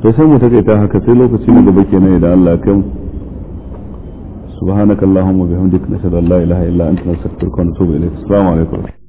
to sai mu takaita haka sai lokaci na gaba kenan idan Allah kan kai mu سبحانك اللهم وبحمدك allah ان لا اله الا انت نستغفرك ونتوب اليك